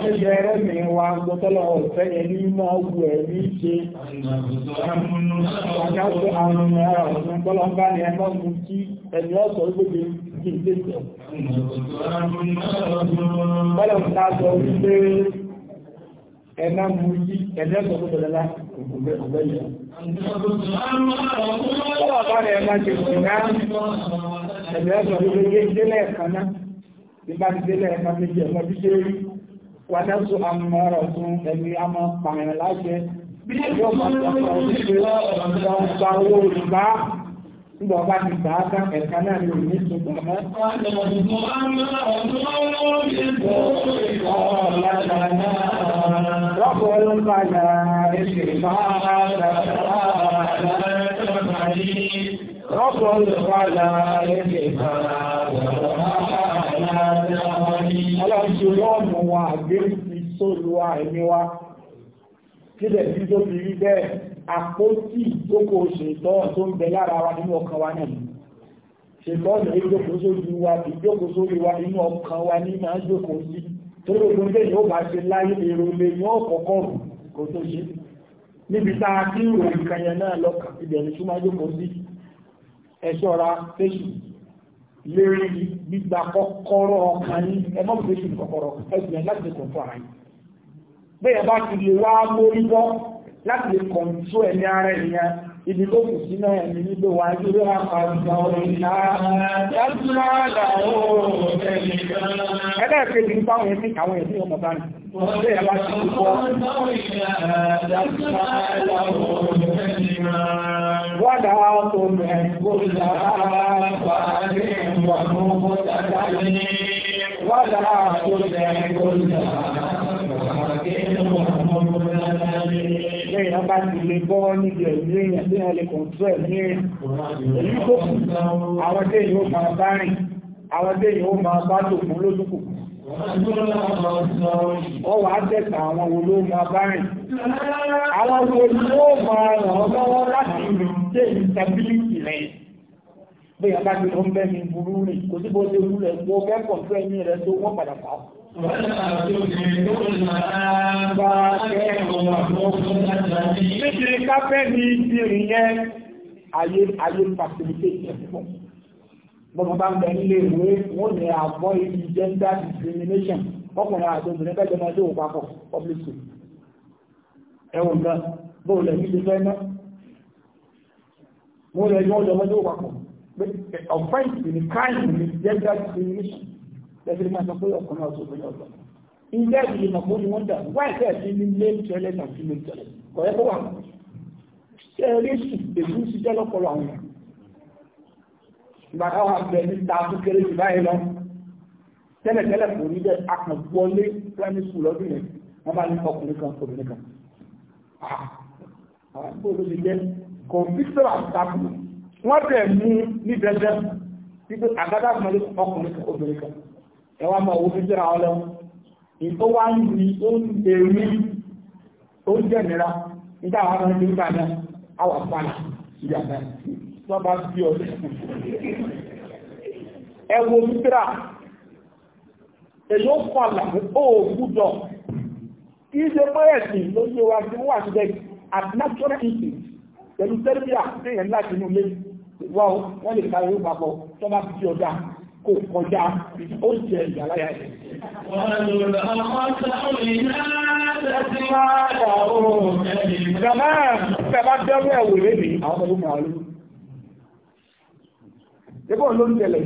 méjì ẹrẹ́ mi wa gbọ́tọ́lọ̀ ọ̀fẹ́ yẹn ní mọ́ ọgbù ẹ̀ ní ṣe àjájọ́ àrùn ọ̀rùn gbọ́lọ̀ bá ní ẹmọ́ mú kí ẹni ọ̀sọ̀ gbogbo ìgbésẹ̀ gbọ́lọ̀ ta sọ wípé ẹ̀nà mú yí ẹ̀nà ẹ̀sọ̀ gbogbo lẹ́lá ògbẹ́ yẹn gbọ́lọ̀ bá ní ẹmọ́ ṣe kù náà ẹ̀nà ẹ̀sọ̀ gbogbo yé délẹ̀ kan náà wàdásù àmọ́rọ̀ fún ẹ̀mí àmọ́ pààyàn láṣẹ yóò pàtàkì ọ̀rọ̀ ìgbà owó olùgbà nígbà ọba ti gbà á tán ẹ̀ka náà ni òní ṣùgbọ́n mọ́. rọ́pò olùpàdà èsì ìfàhàrà rọ́pò olùpàdà èsì ìfàhàrà Aláṣẹ lọ́ọ̀nù wa àgbérí ti sóòlúwa ẹ̀mí wa. Kílẹ̀ tí tó fi rí bẹ́ẹ̀, àpótí ìjókò ṣètọ́ tó ń bẹ lára wa nínú ọkàn wa náà. Ṣètọ́ ní ìjókò sórí wa, ìjókò sórí wa nínú ọkàn wa ní máa jókò sí. Torí ogun bẹ́ẹ̀ ni ó bá ṣe láyé èrò lè ní ọ̀kọ̀ọ̀kọ̀ kò tó ṣe. Níbi tá a ti ń ròyìn kan yẹn náà lọ́kàn, ibẹ̀ ni túmọ̀ jókò sí. Ẹ ṣọ́ra, fẹ́ṣù, lérí gbígba kọ́kọ́rọ́ ọkàn yín ẹmọ́ bí ṣe kọ́kọ́rọ́ ẹgbẹ̀rún láti lè kọ̀ǹtó ara yín bẹ́ẹ̀ bá ti lè wá mórí bọ́ láti lè kọ̀ǹtó ẹ̀mí ara ẹ̀yàn ibi tó kù sí náà ẹ̀mí nígbè wá ní orí àpàdà ọ̀rìnà ẹlẹ́ẹ̀kejì ń báwọn ẹ̀mí àwọn ẹ̀mí ọmọ bá ní bẹ́ẹ̀ bá ti lè kọ́ ولا تطع كل أفعال ومبتدل ولا تطع كل Lẹ́yìn ọba ti lè bọ́ níbi ẹ̀yìn èèyàn tí wọ́n àwọn tí èyí máa bá rìn, àwọn tí èyí máa bá tò fún lójúkùkù. Wọ́n wà tẹ́ta àwọn wo ló máa báyìí. Àwọn wo ló máa ràn ọ́ lọ́wọ́ láti rí dé ìtàbílìtì rẹ̀. Bí i àbájú ló ń bẹ́ mi burú rìn, kò sí bó ṣe wúlẹ̀ gbọ́ kẹ́kọ̀ọ́ fún ẹni rẹ̀ tó wọ́n padà pa. Bá kẹ́kọ̀ọ́ àwọn ọmọ Nítorí káfẹ́ ni ti rìn yẹn, ayé pàṣẹ bọ́mọ bá ń bẹ nílé ìwé wọ́n ní àbọ̀ ibi gender discrimination ọkùnrin àti obìnrin bẹ́ẹ̀ jọmọ ẹjọ́ òpapọ̀ public school ẹwọ̀n náà bóòlù ẹ̀mí ti fẹ́ náà wọ́n lè yọ ọjọ́ ọjọ́ òpapọ̀ offense ni crime ni gender discrimination lẹ́sìn máa sọ pé ọkùnrin àti obìnrin ọ̀dọ́ ilé ìdílé mọ̀ fún ni wọ́n dà wá ìfẹ́ sí ní male toilet and female toilet kọ̀yẹ́ kó wà ṣe é rí sùn ìgbà táwọn àgbẹ̀ ní ta tó kéré jù báyìí lọ tẹ́lẹ̀tẹ́lẹ̀ kò ní bẹ́ẹ̀ akànwọlé primary school lọ́dún yẹn wọ́n bá ní ọkùnrin kan obìnrin kan ah, àbúrò ló ti jẹ́ kọ̀ǹpútà àtàkù wọ́n bẹ̀ mú ní bẹ́ẹ̀ títí àgádá kan ọkùnrin kan kan ẹ wá máa wo fífẹ́ra ọ lọ ìtọ́ wá ń rí ó ń èrí ó ń jẹ́ nira nígbà tó bá bí ọdún ẹwọ mítírà èyí ó kọ àlàbò ó gbúdọ̀ kí í ṣe pé ẹ̀sìn ló ṣe wa sí wà síbẹ̀ at natural instinct pẹ̀lú sẹ́ríà téèyàn láti inú ilé wá o wọ́n lè ka ìwé papọ̀ tó bá bí ọjà kò kọjá ó jẹ ìyàláyà ẹ̀. Wọ́n lò lọ́wọ́ sọ́ọ̀rì náà tẹ̀síwájú àwọn ọmọ ẹ̀yìn. Ìjọba ẹ̀ bá dẹ́rù ẹ̀wò lé mi, àwọn ọmọ ìlú ṣébọ̀ ló ń tẹ̀lé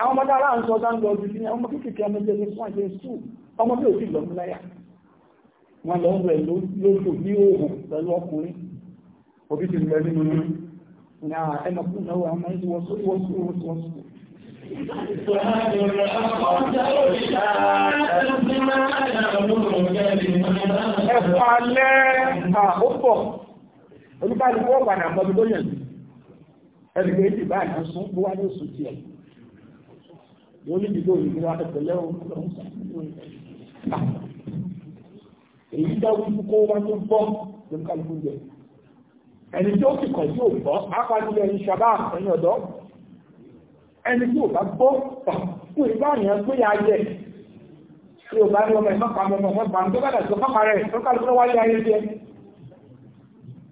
àwọn ọmọdé ara ń sọ dáńgọ ọdún ní ọmọ kékeré ọmọ ní fún àjẹ́ sùn ọmọ bí òsì lọ́mú láyà wọn lọ rẹ̀ lóṣù ní òògùn pẹ̀lú ọkùnrin òbí ti rẹ̀ nínú ní ẹnà fún ìnáwó àwọn ọmọ ìṣòwò sórí wọ́n sórí wọ́n sórí wọ́n Ẹ̀fọ́ alẹ́ àkópọ̀, oníkàlùkù ọ̀pàdà mọ́bí lóyìn ẹni pé èdè báyìí kan sún bó wá ní oṣù tiẹ̀ yóò lè dìbò yìí wá pẹ̀lẹ́ òun èyí dáwọ́ ikú kó wá tó bọ́ ló ń kálukú jẹ ẹni tó ti kọ̀ tí ò bọ́ apájúlẹ̀ ẹni ṣàbá ẹni ọ̀dọ́ ẹni tí ò bá gbọ́ fún ìbáyàn pé ya yẹ tí ò bá ní ọmọ ẹ̀mọ́pàá ọmọ ọmọ ọmọ ọmọ tó bá dà tó pápá rẹ̀ tó kálukú wáyé ayé jẹ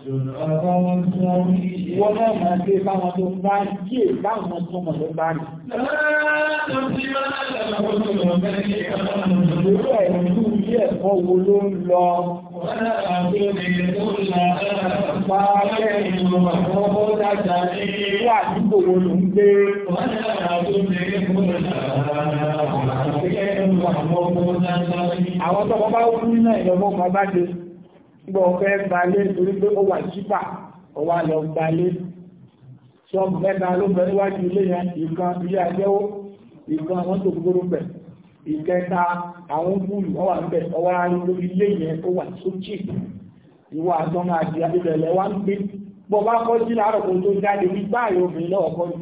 Wọ́n náà máa ṣe báwọn tó bá ń jíè báwọn tó mọ̀ ló bá rí. Ìlú ẹ̀rù ilé ẹ̀kọ́ wo ló ń lọ? Pàálẹ̀ ìlú àkọ́kọ́ dájà ní irú àdúgbò wo ló ń gbé. Àwọn tọ́kọ bá wú nínú ìlọ́gbọ́n kan bá ṣe gbọ́ fẹ́ gbalé torí pé ó wà jípà ó wà lọ gbalé ṣọ́ọ̀bù mẹ́ta ló bẹ níwájú ilé yẹn ìkan ilé ajẹ́wó ìkan àwọn tó gbogbo bẹ̀ ìkẹta àwọn búlù ọwà bẹ̀ ọwà arúgbó ilé yẹn ó wà sókè ìwọ àtọmọ àti abẹbẹlẹ wa ń gbé bọ bá kọ sí láàárọ̀ kó tó jáde ní báyìí obìnrin náà kọ ní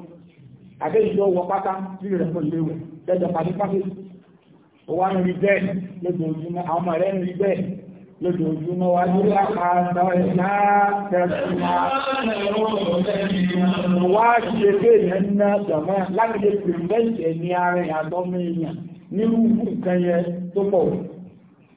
àbẹ́yìí lọ́wọ́ pátá sí rẹ̀ pẹ̀lú ewu lẹ́jọ́ pàdé pàdé ó wá ń rí bẹ́ẹ̀ lójoojúmọ́ àwọn ọmọ rẹ̀ ń rí bẹ́ẹ̀ lójoojúmọ́ wá ní àpàdà ìná tẹ́sùmá wá ṣe pé ìyẹn ná jọmọ́ láti lè pìrìmẹ́ǹtì ẹni ara ìyàtọ̀ mẹ́yìn nínú nǹkan yẹn tó pọ̀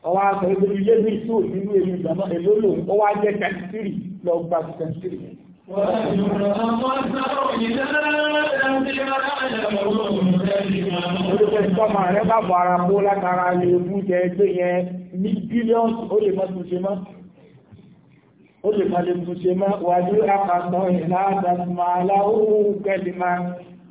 ọwá sọ ilé ní tó nínú èmi jọmọ́ èlò lòun ó wá jẹ́ 33 lọ gba 33 Olùkọ́ ìtọ́mà rẹ̀ bá bọ̀ ara bó látara lè mú jẹ ẹgbẹ́ yẹn ní bílíọ̀nù ó lè mọ́ tún ṣe mọ́. Ó lè mọ́ lè tún ṣe mọ́ wà ní àpàtàn ìlàdàtùmà aláwọ̀ kẹ́lìmá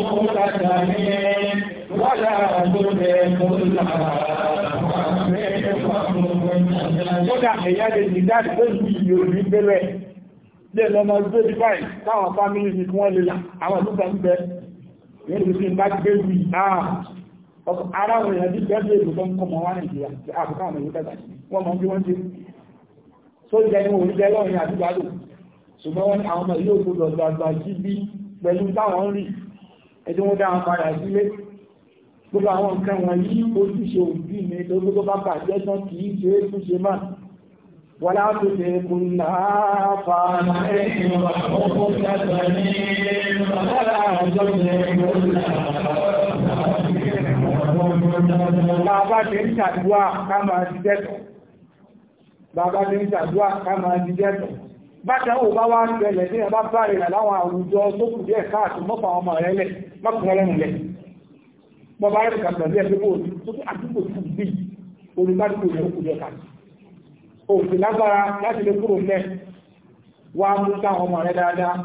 ربك من ولا báyìí táwọn fámílì ní wọ́n lè là àwọn ìlúgbà ń bẹ lè fi bá gbé wì náà. Ara wọn èèyàn bí bẹ́ẹ̀ lè lọ́mọ kọmọ wá Nàìjíríà àbúkà àwọn ìlú kẹta ẹ̀tí wọ́n dáa padà sílé gbogbo àwọn nǹkan wọ̀nyí ojúṣe òbí mi tó gbogbo bá bàjẹ́ tán kì í ṣe é túnṣe máa wà láti lè kún láàfà Bàbá ti ń ṣàdúwà ká máa jíjẹ́tọ̀ bákanáwò bá wá ṣẹlẹ̀ ní ẹbá bá rẹ̀ láwọn àwùjọ tó kù díẹ̀ káàkiri mọ́fà ọmọ rẹ̀ lẹ̀ mọ́kànlẹ́rùn lẹ̀ bọ́bá rẹ̀ kàtà bí ẹgbẹ́ bóòlù tó tó àdúgbò tó bí olùbádùgbò rẹ̀ kù díẹ̀ káàkiri òfin lágbára láti lè kúrò mẹ́ wá mú sáwọn ọmọ rẹ̀ dáadáa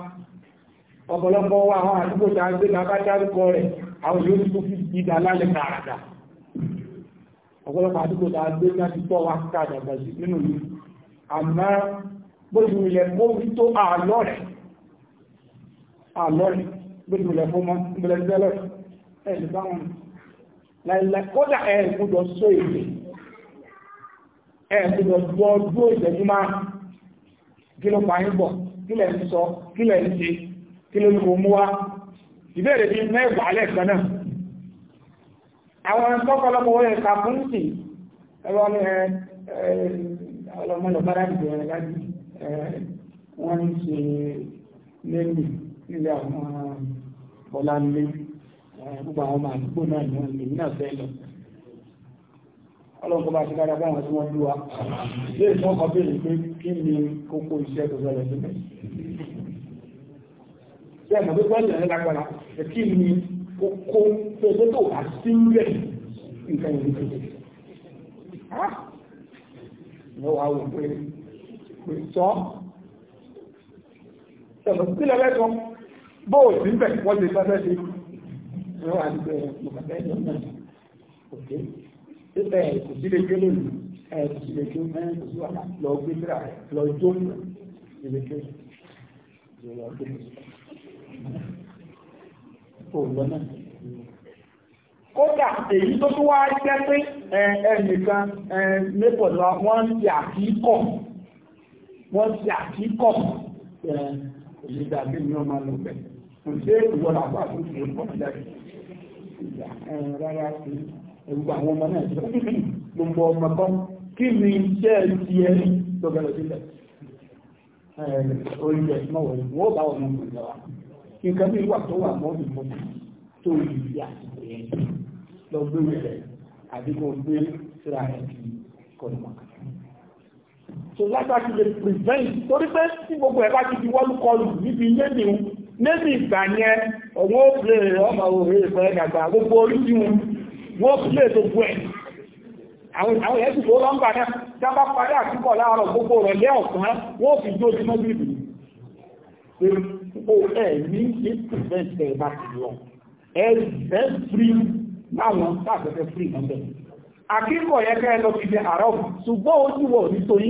ọ̀pọ̀lọpọ̀ wà àwọn àdúgbò tá a gbé lábá dárúkọ rẹ̀ àwọn yóò tó fi ìdá lálẹ́ kàràdà ọ̀pọ̀lọpọ̀ àdúgbò tá a gbé káàdà gbàjú nínú yìí àmọ́ gbójúmìlẹ̀ mọ́ orí tó àlọ́rẹ̀ àlọ́rẹ̀ gbójúmìlẹ̀ fún mọ́ ìbílẹ̀ tẹ́lẹ̀ ẹ̀lú báwọn láìlẹ̀ kódà ẹ̀ẹ̀kúdọ̀ só èdè ẹ̀ẹ̀kúdọ̀ gbọ́ ọdún ìjẹ́jú máa kí ló pa ń bọ̀ kí lẹ̀ ń sọ kí lẹ̀ ń ṣe kí ló ní kò mú wá ìbéèrè bíi mẹ́wàá lẹ́ẹ̀kan náà àwọn ẹ̀kọ́kọ́lọ́pọ̀ ẹ̀ka fún sí ẹ̀rọ ọlọ́mọlọ́pàá láti bẹ̀rẹ̀ láti wọ́n ń ṣe lẹ́yìn nílé àwọn ọláńlé gbogbo àwọn ọmọ àdúgbò náà ni wọ́n lè náà fẹ́ lọ ọlọ́pọ̀ bá ti dára báwọn tí wọ́n lúwa lè mọ́ ọbẹ̀rẹ̀ pé kí ni kókó iṣẹ́ tó sọ́lọ̀ síbẹ̀ jẹ́ mọ̀ pípọ́ ilẹ̀ ní lágbára kí ni kókó pẹ̀lú tó wà sí rẹ̀ nǹkan ìlú tó kò sọ ẹ̀bọ̀ sílẹ̀ lẹ́kan bóò sí ń bẹ̀ wọ́n ti fẹ́fẹ́ sí wọ́n wà nígbẹ̀ ìpàdé ẹ̀jọ́ náà òkè títẹ̀ kò sí lè gbé lónìí ẹ̀ kò sí lè gbé mẹ́rin kò sí wà lọ gbé síra lọ jó ìlé gbé lọ gbé kò kódà èyí tó tún wá jẹ́ pé ẹnìkan mẹ́pọ̀lá wọ́n ń ṣe àkíkọ̀ wọ́n ti àkíkọ̀ ìlúdà bí ní ọmọ lọ́pẹ́ kò sí ìwọ̀n àpá àtúntò ìpọ̀ rárá sí ẹgbà àwọn ọmọ náà ṣe gbogbo ọmọ kan kí ni iṣẹ́ ti ẹ lọ́gbẹ̀rẹ̀ sílẹ̀ orílẹ̀ mọ́wọ̀ wọ́n bá wọn mọ̀ ìjọba nǹkan bí wà tó wà mọ́ ìbò tó ìdí àsìkò yẹn lọ gbé rẹ̀ àdínkù gbé síra ẹ̀ kí kọ́ ìmọ̀kàtà so látàkì lè prevent torí pé tí gbogbo ẹ̀ bá ti di wọ́lú kọlù níbi lẹ́nu lẹ́nu ìgbà yẹn òun ó plé ọmọ òwe ìfẹ́ dàgbà gbogbo orí tí wọn wọ́n plé gbogbo ẹ̀ àwọn ẹ̀sùn tó lọ́mbà náà tábà parí àtúbọ̀ láàárọ̀ gbogbo rẹ̀ lẹ́ ọ̀sán wọ́n fi jó sí mọ́bí ìlú pé ó ẹ̀ ní ṣe prevent ẹ̀ bá ti lọ ẹ̀ ẹ̀ free láwọn sáfẹ́fẹ́ free nọ́mbẹ̀ àkíkọ̀ yẹ kẹ́ lọ fi di àárọ̀ ṣùgbọ́n ojú wọ̀ nítorí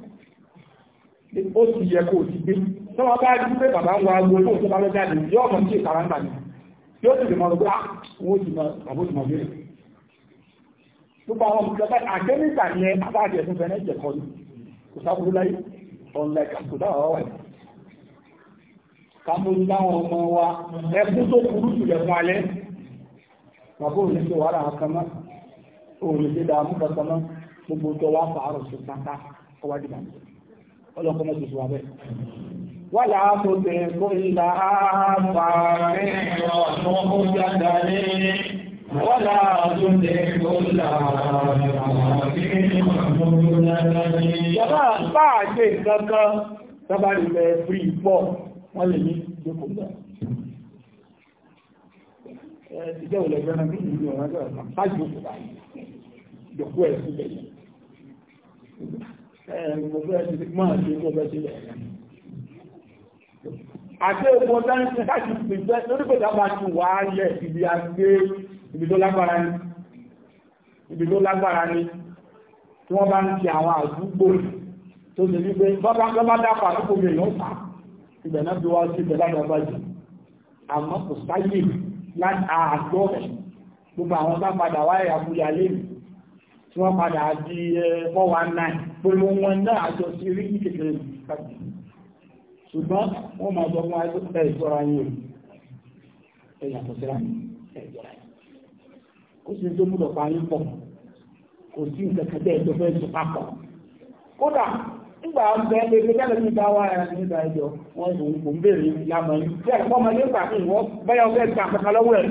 ó sì yẹ kó ti gbé tọ́wọ́ bá rí pé bàbá ń wa agbo tó tó bá lọ jáde yóò mọ̀ sí ìkàrà ńlá ni yóò sì lè mọ̀ lọ́gbà ah, wọ́n sì mọ̀ bàbá sì mọ̀ lé gbogbo àwọn ọmọdé àgbẹ̀míta ni abáàdì ẹ̀sùn fẹ́ ẹ̀jẹ̀ kọ́ ni kò sáfúrú láyé ọ̀nà ìkàkùn dáwọ̀ wà kàmúlù láwọn ọmọ wa ẹkún tó burú jù lẹ̀ fún alẹ́ bàbá òní ṣe wàhálà kan mọ́ òní ṣe dààmú kankan mọ́ gbogbo tó wá fàárọ̀ sí pátá ọwádìí bàbá ọlọ́kọ́ mọ́ tuntun abẹ́ wà láàbò bẹ̀rẹ̀ kó ìlà àbàrẹ́ ọ̀tún ó jáde ní wà láàbò bẹ̀rẹ̀ kó ìlà àbàrẹ́ ọ̀tún ó jáde ní. yàrá bá a ṣe kankan sábà ilẹ̀ firi pọ̀ wọ́n lè ní ìjókòó náà. ìjẹ́ òlẹ̀ gbẹ́nà bí ìlú ọ̀rọ̀ ẹgbẹ́ ọ̀sán bá jókòó báyìí jókòó ẹ̀ síbẹ̀ yìí mo fẹ́ ṣe máa ṣe tó fẹ́ sílẹ̀ àti èkó dáńsì láti pèsè lórí pèsè àbá ti wà á yẹ ibi àgbé ibi tó lágbára ni ibi tó lágbára ni tí wọ́n bá ń ti àwọn àdúgbò tó ṣe wípé bọ́bá bá dápà àdúgbò mi èèyàn fà ibẹ̀ náà bí wá sí ibẹ̀ lágbàgbà jù àmọ́ kò sáyè láti àgbọ̀ gbogbo àwọn bá padà wáyà fúyà lẹ́nu tí wọ́n padà di 419 pẹ̀lú wọn náà àjọ sí rí ní kékeré kàbí ṣùgbọ́n wọ́n máa jọ fún ẹ̀ẹ́sọ́ra yìí ẹ̀yàtọ̀ síra ẹ̀ẹ́sọ́ra sí tó múlò pa yín pọ̀ kò sí nǹkan kan tẹ́ ẹ̀jọ́ fẹ́ẹ́ papọ̀ kódà nígbà bẹ ẹgbẹ́ tẹ́lẹ̀ ní bá wá ẹran nígbà ẹjọ́ wọn ìwọ̀n kò ń béèrè lámọ̀ yìí bí ẹ̀kọ́ ọmọ ilé ìgbà fún ìwọ́ bẹ́yà ọgbẹ́ ìgbà kankan lọ́wọ́ ẹ̀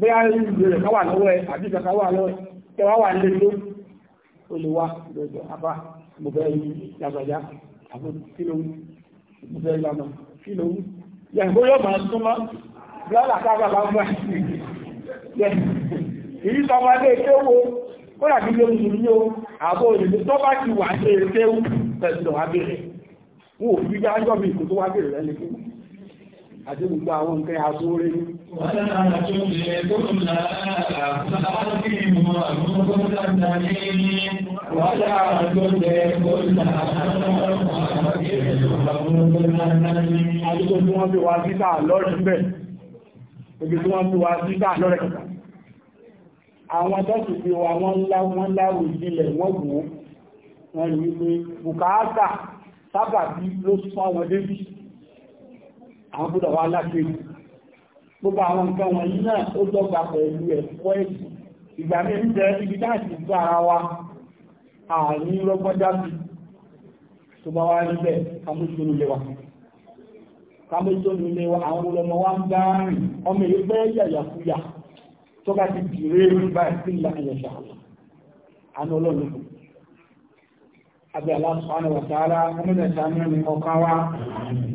bẹ́yà ìbéèrè kan lọ́wọ́ ẹ̀ àbí kankan wà lọ́wọ́ ẹ̀ ẹwà wà lẹ́lẹ́ olùwà lọ́jọ́ àbá mọ̀bẹ́rì yàgbàjá àbò kílòwú mọ̀bẹ́rì lọ́nà kílòwú yàgbó yóò máa súnmọ́ bíọ́là káàbà bá mọ́ èyí sọmọ ilé ìkéwò kó dàbí ilé ìlú ní o àbò òyìnbó tó bá ti wà ní ìkéwò pẹ̀lú àbẹ̀rẹ̀ wọn ò fi dájọ́ mi kò tó wá bẹ̀rẹ̀ lẹ́lẹ́kéwò àti gbogbo àwọn nǹkan àtúnrí ní. Àdúgbò tí wọ́n fi wá títà lọ́rẹ̀ ńbẹ̀, ibi tí wọ́n fi wá títà lọ́rẹ̀ kàkà. Àwọn tọ́sù fi wà wọ́n ńlá wọ́n láwù ìdílẹ̀ wọ́n wò wọ́n rí wípé bùkátà sábàbí ló sún àwọn débìí àwọn gbọ́dọ̀ lágbèrè gbogbo àwọn nǹkan wọ̀nyí náà ó dọ́gba pẹ̀lú ẹ̀kọ́ ẹ̀sìn ìgbà mi ń jẹ ibi táàtì gbọ́ ara wa àní rọ́gbọ́n dábì tó bá wá níbẹ̀ kámójútónú lé wa kámójútónú lé wa àwọn olọmọ wa ń bá rìn ọmọ èyí pẹ́ yàyàkúyà tó bá ti dìré nígbà ìpínlẹ̀ ayẹ̀ṣà àná ọlọ́run àbí aláṣọ àwọn ọ̀tá ara ọmọdé ta ní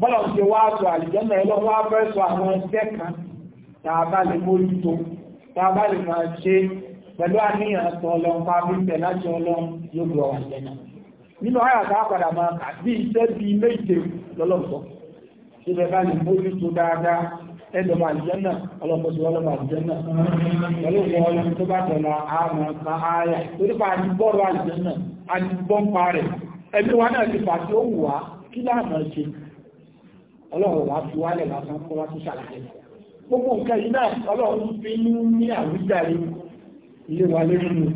bọ́lọ̀ ṣe wá sọ àlìjọ́nà ẹlọ́wọ́ fẹ́ sọ àwọn ẹgbẹ́ kan tàbá lè mórí tó tàbá lè máa ṣe pẹ̀lú àníyàn sọ ọlọ́run pa fífẹ́ láti ọlọ́run yóò gbọ́ wà lẹ́nà nínú àyà tá a padà máa kà bí iṣẹ́ bí méje lọ́lọ́sọ̀ ṣe bẹ́ẹ̀ bá lè mórí tó dáadáa ẹlọ́mọ àlìjọ́nà ọlọ́mọdé ọlọ́mọ àlìjọ́nà pẹ̀lú ìwọ̀n ọlọ́run tó bá tọ̀nà àmọ́ kan ààyà torí pa àdìgbọ́rọ̀ àlìjọ́nà àdìgbọ́n pa rẹ̀ ẹ̀mí náà ti fà ó wù kí láàmú ọlọ́run wá fi wálẹ̀ lásán kó wá tó ṣàlàyé gbogbo nǹkan yìí náà ọlọ́run fi ń ní àwíjàre ilé wa lórí mi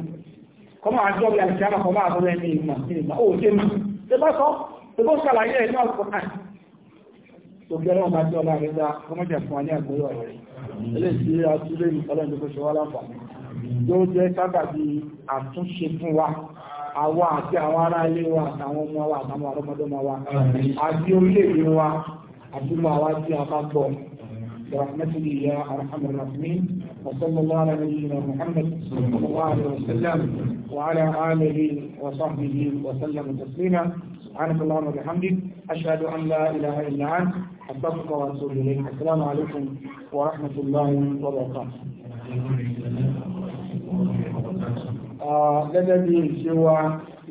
kọ́ máa jọ́ bí àti àmà máa fọ́ ẹni ìmọ̀ sí ìmọ̀ ó ṣe mọ̀ ṣe bá sọ ṣe bó ṣàlàyé ẹ̀ náà kọ́ náà gbogbo ẹ̀rọ máa jọ ọlá rẹ̀ dá kọ́mọ́jà fún wa ní rẹ̀ eléyìí tí a tún lè ní ọlọ́run tó ṣe wá láǹfààní yóò jẹ́ sábàbí àtúnṣe fún wa àwa àti àwọn ará ilé wa àtàwọn ọmọ wa àtàwọn ọmọdé wa àti orílẹ̀-èdè wa عبد الله tí a برحمته يا ارحم الراحمين وصلى الله على نبينا محمد صلى الله عليه وسلم وعلى اله وصحبه وسلم تسليما سبحانك اللهم وبحمدك اشهد ان لا اله الا انت حفظك واتوب اليك السلام عليكم ورحمه الله وبركاته gẹ́gẹ́ bí ṣe wa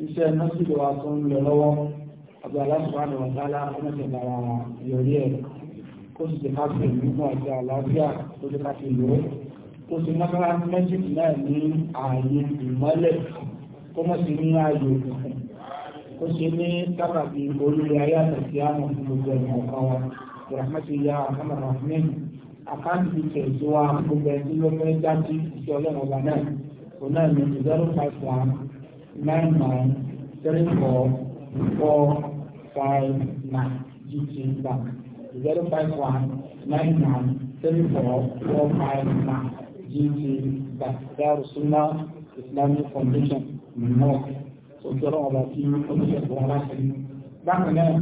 iṣẹ́ nọ́sìlì wa tó abdullahi subhanahu wa ta'ala ọmọ ti bàrà yọrí ẹ̀ kó sì ti ká fi ìlú fún àti àlàáfíà kó sì ká fi lò ó kó sì mọ́kànlá mẹ́jìkì náà ní ààyè ìmọ́lẹ̀ kó mọ̀ sí ní ààyè òkùnkùn kó sì ní kábàbí olórí ayé àtàkì àmọ̀ gbogbo ẹ̀mọ̀ kan wa rahmatu ya ahmed rahman àkáǹtì tẹ̀sí wa gbogbo ẹni ló fẹ́ jáde sí ọlọ́run náà òun náà ní zero five one nine nine three four four five nine GT Bank zero five one nine nine three four four five nine GT Bank Darussunnah Islamic Foundation North sọ̀tọ́rọ̀ ọba tí ó ti ṣẹ̀kọ́ aláṣẹ. Bákan náà,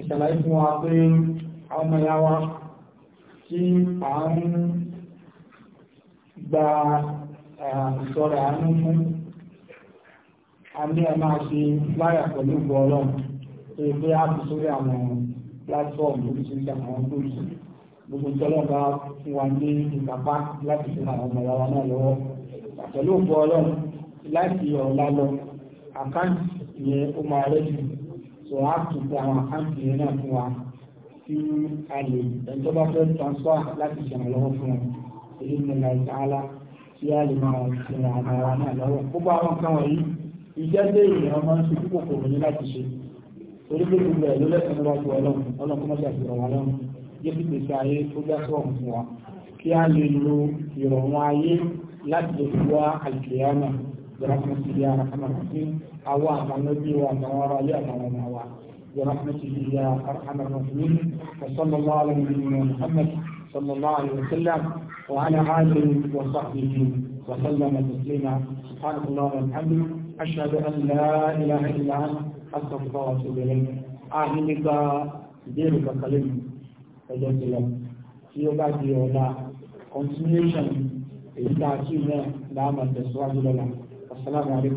ìṣàlàyé fún wa pé àwọn ọmọ ya wa tí à ń gba ìṣọ́ra àánú fún a ní ẹ máa ṣe láyà pẹ̀lú gbọ́ ọlọ́run tó yẹ pé a fi sórí àwọn platform lóríṣiríṣi àwọn gbòòrò gbogbo ìtọ́lọ́ba fún wa ní ìkápá láti fún àwọn ọmọ ìyá wa náà lọ́wọ́ pẹ̀lú ògbó ọlọ́run láti ọ̀la lọ àkáǹtì yẹn ó máa rẹ́jù tó a tún pé àwọn àkáǹtì yẹn náà fún wa tí a lè ẹjọ́ bá fẹ́ transfer láti ṣèrànlọ́wọ́ fún wọn èyí ni láìka ala tí a lè máa ṣèrànlọ́wọ́ náà lọ́wọ́ gbogbo àwọn kan wọ̀nyí ìjẹ́ dé ìrìn ọmọ ń ṣe púpọ̀ kò ní láti ṣe torí pé gbogbo ẹ̀ ló lẹ́sìn níwájú ọlọ́run ọlọ́run kó má ṣe àfihàn wa lọ́run yóò fi pèsè ayé tó já sí ọ̀hún fún wa kí a lè lo ìrọ̀rùn ayé láti lè fi wá àlùkìyàmà برحمة يا أرحم الراحمين أو النبي وأنوار يا مولانا وا برحمته يا أرحم الراحمين وصلى الله على نبينا محمد صلى الله عليه وسلم وعلى آله وصحبه وسلم تسليما سبحانك اللهم وبحمدك أشهد أن لا إله إلا أنت asọ̀kùnfà wà tó bẹ̀rẹ̀ ní continuation èyí tá a tún náà láàmà tẹ̀síwájú lọ́la wa rahmatulahi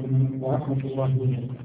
wa barakatuh.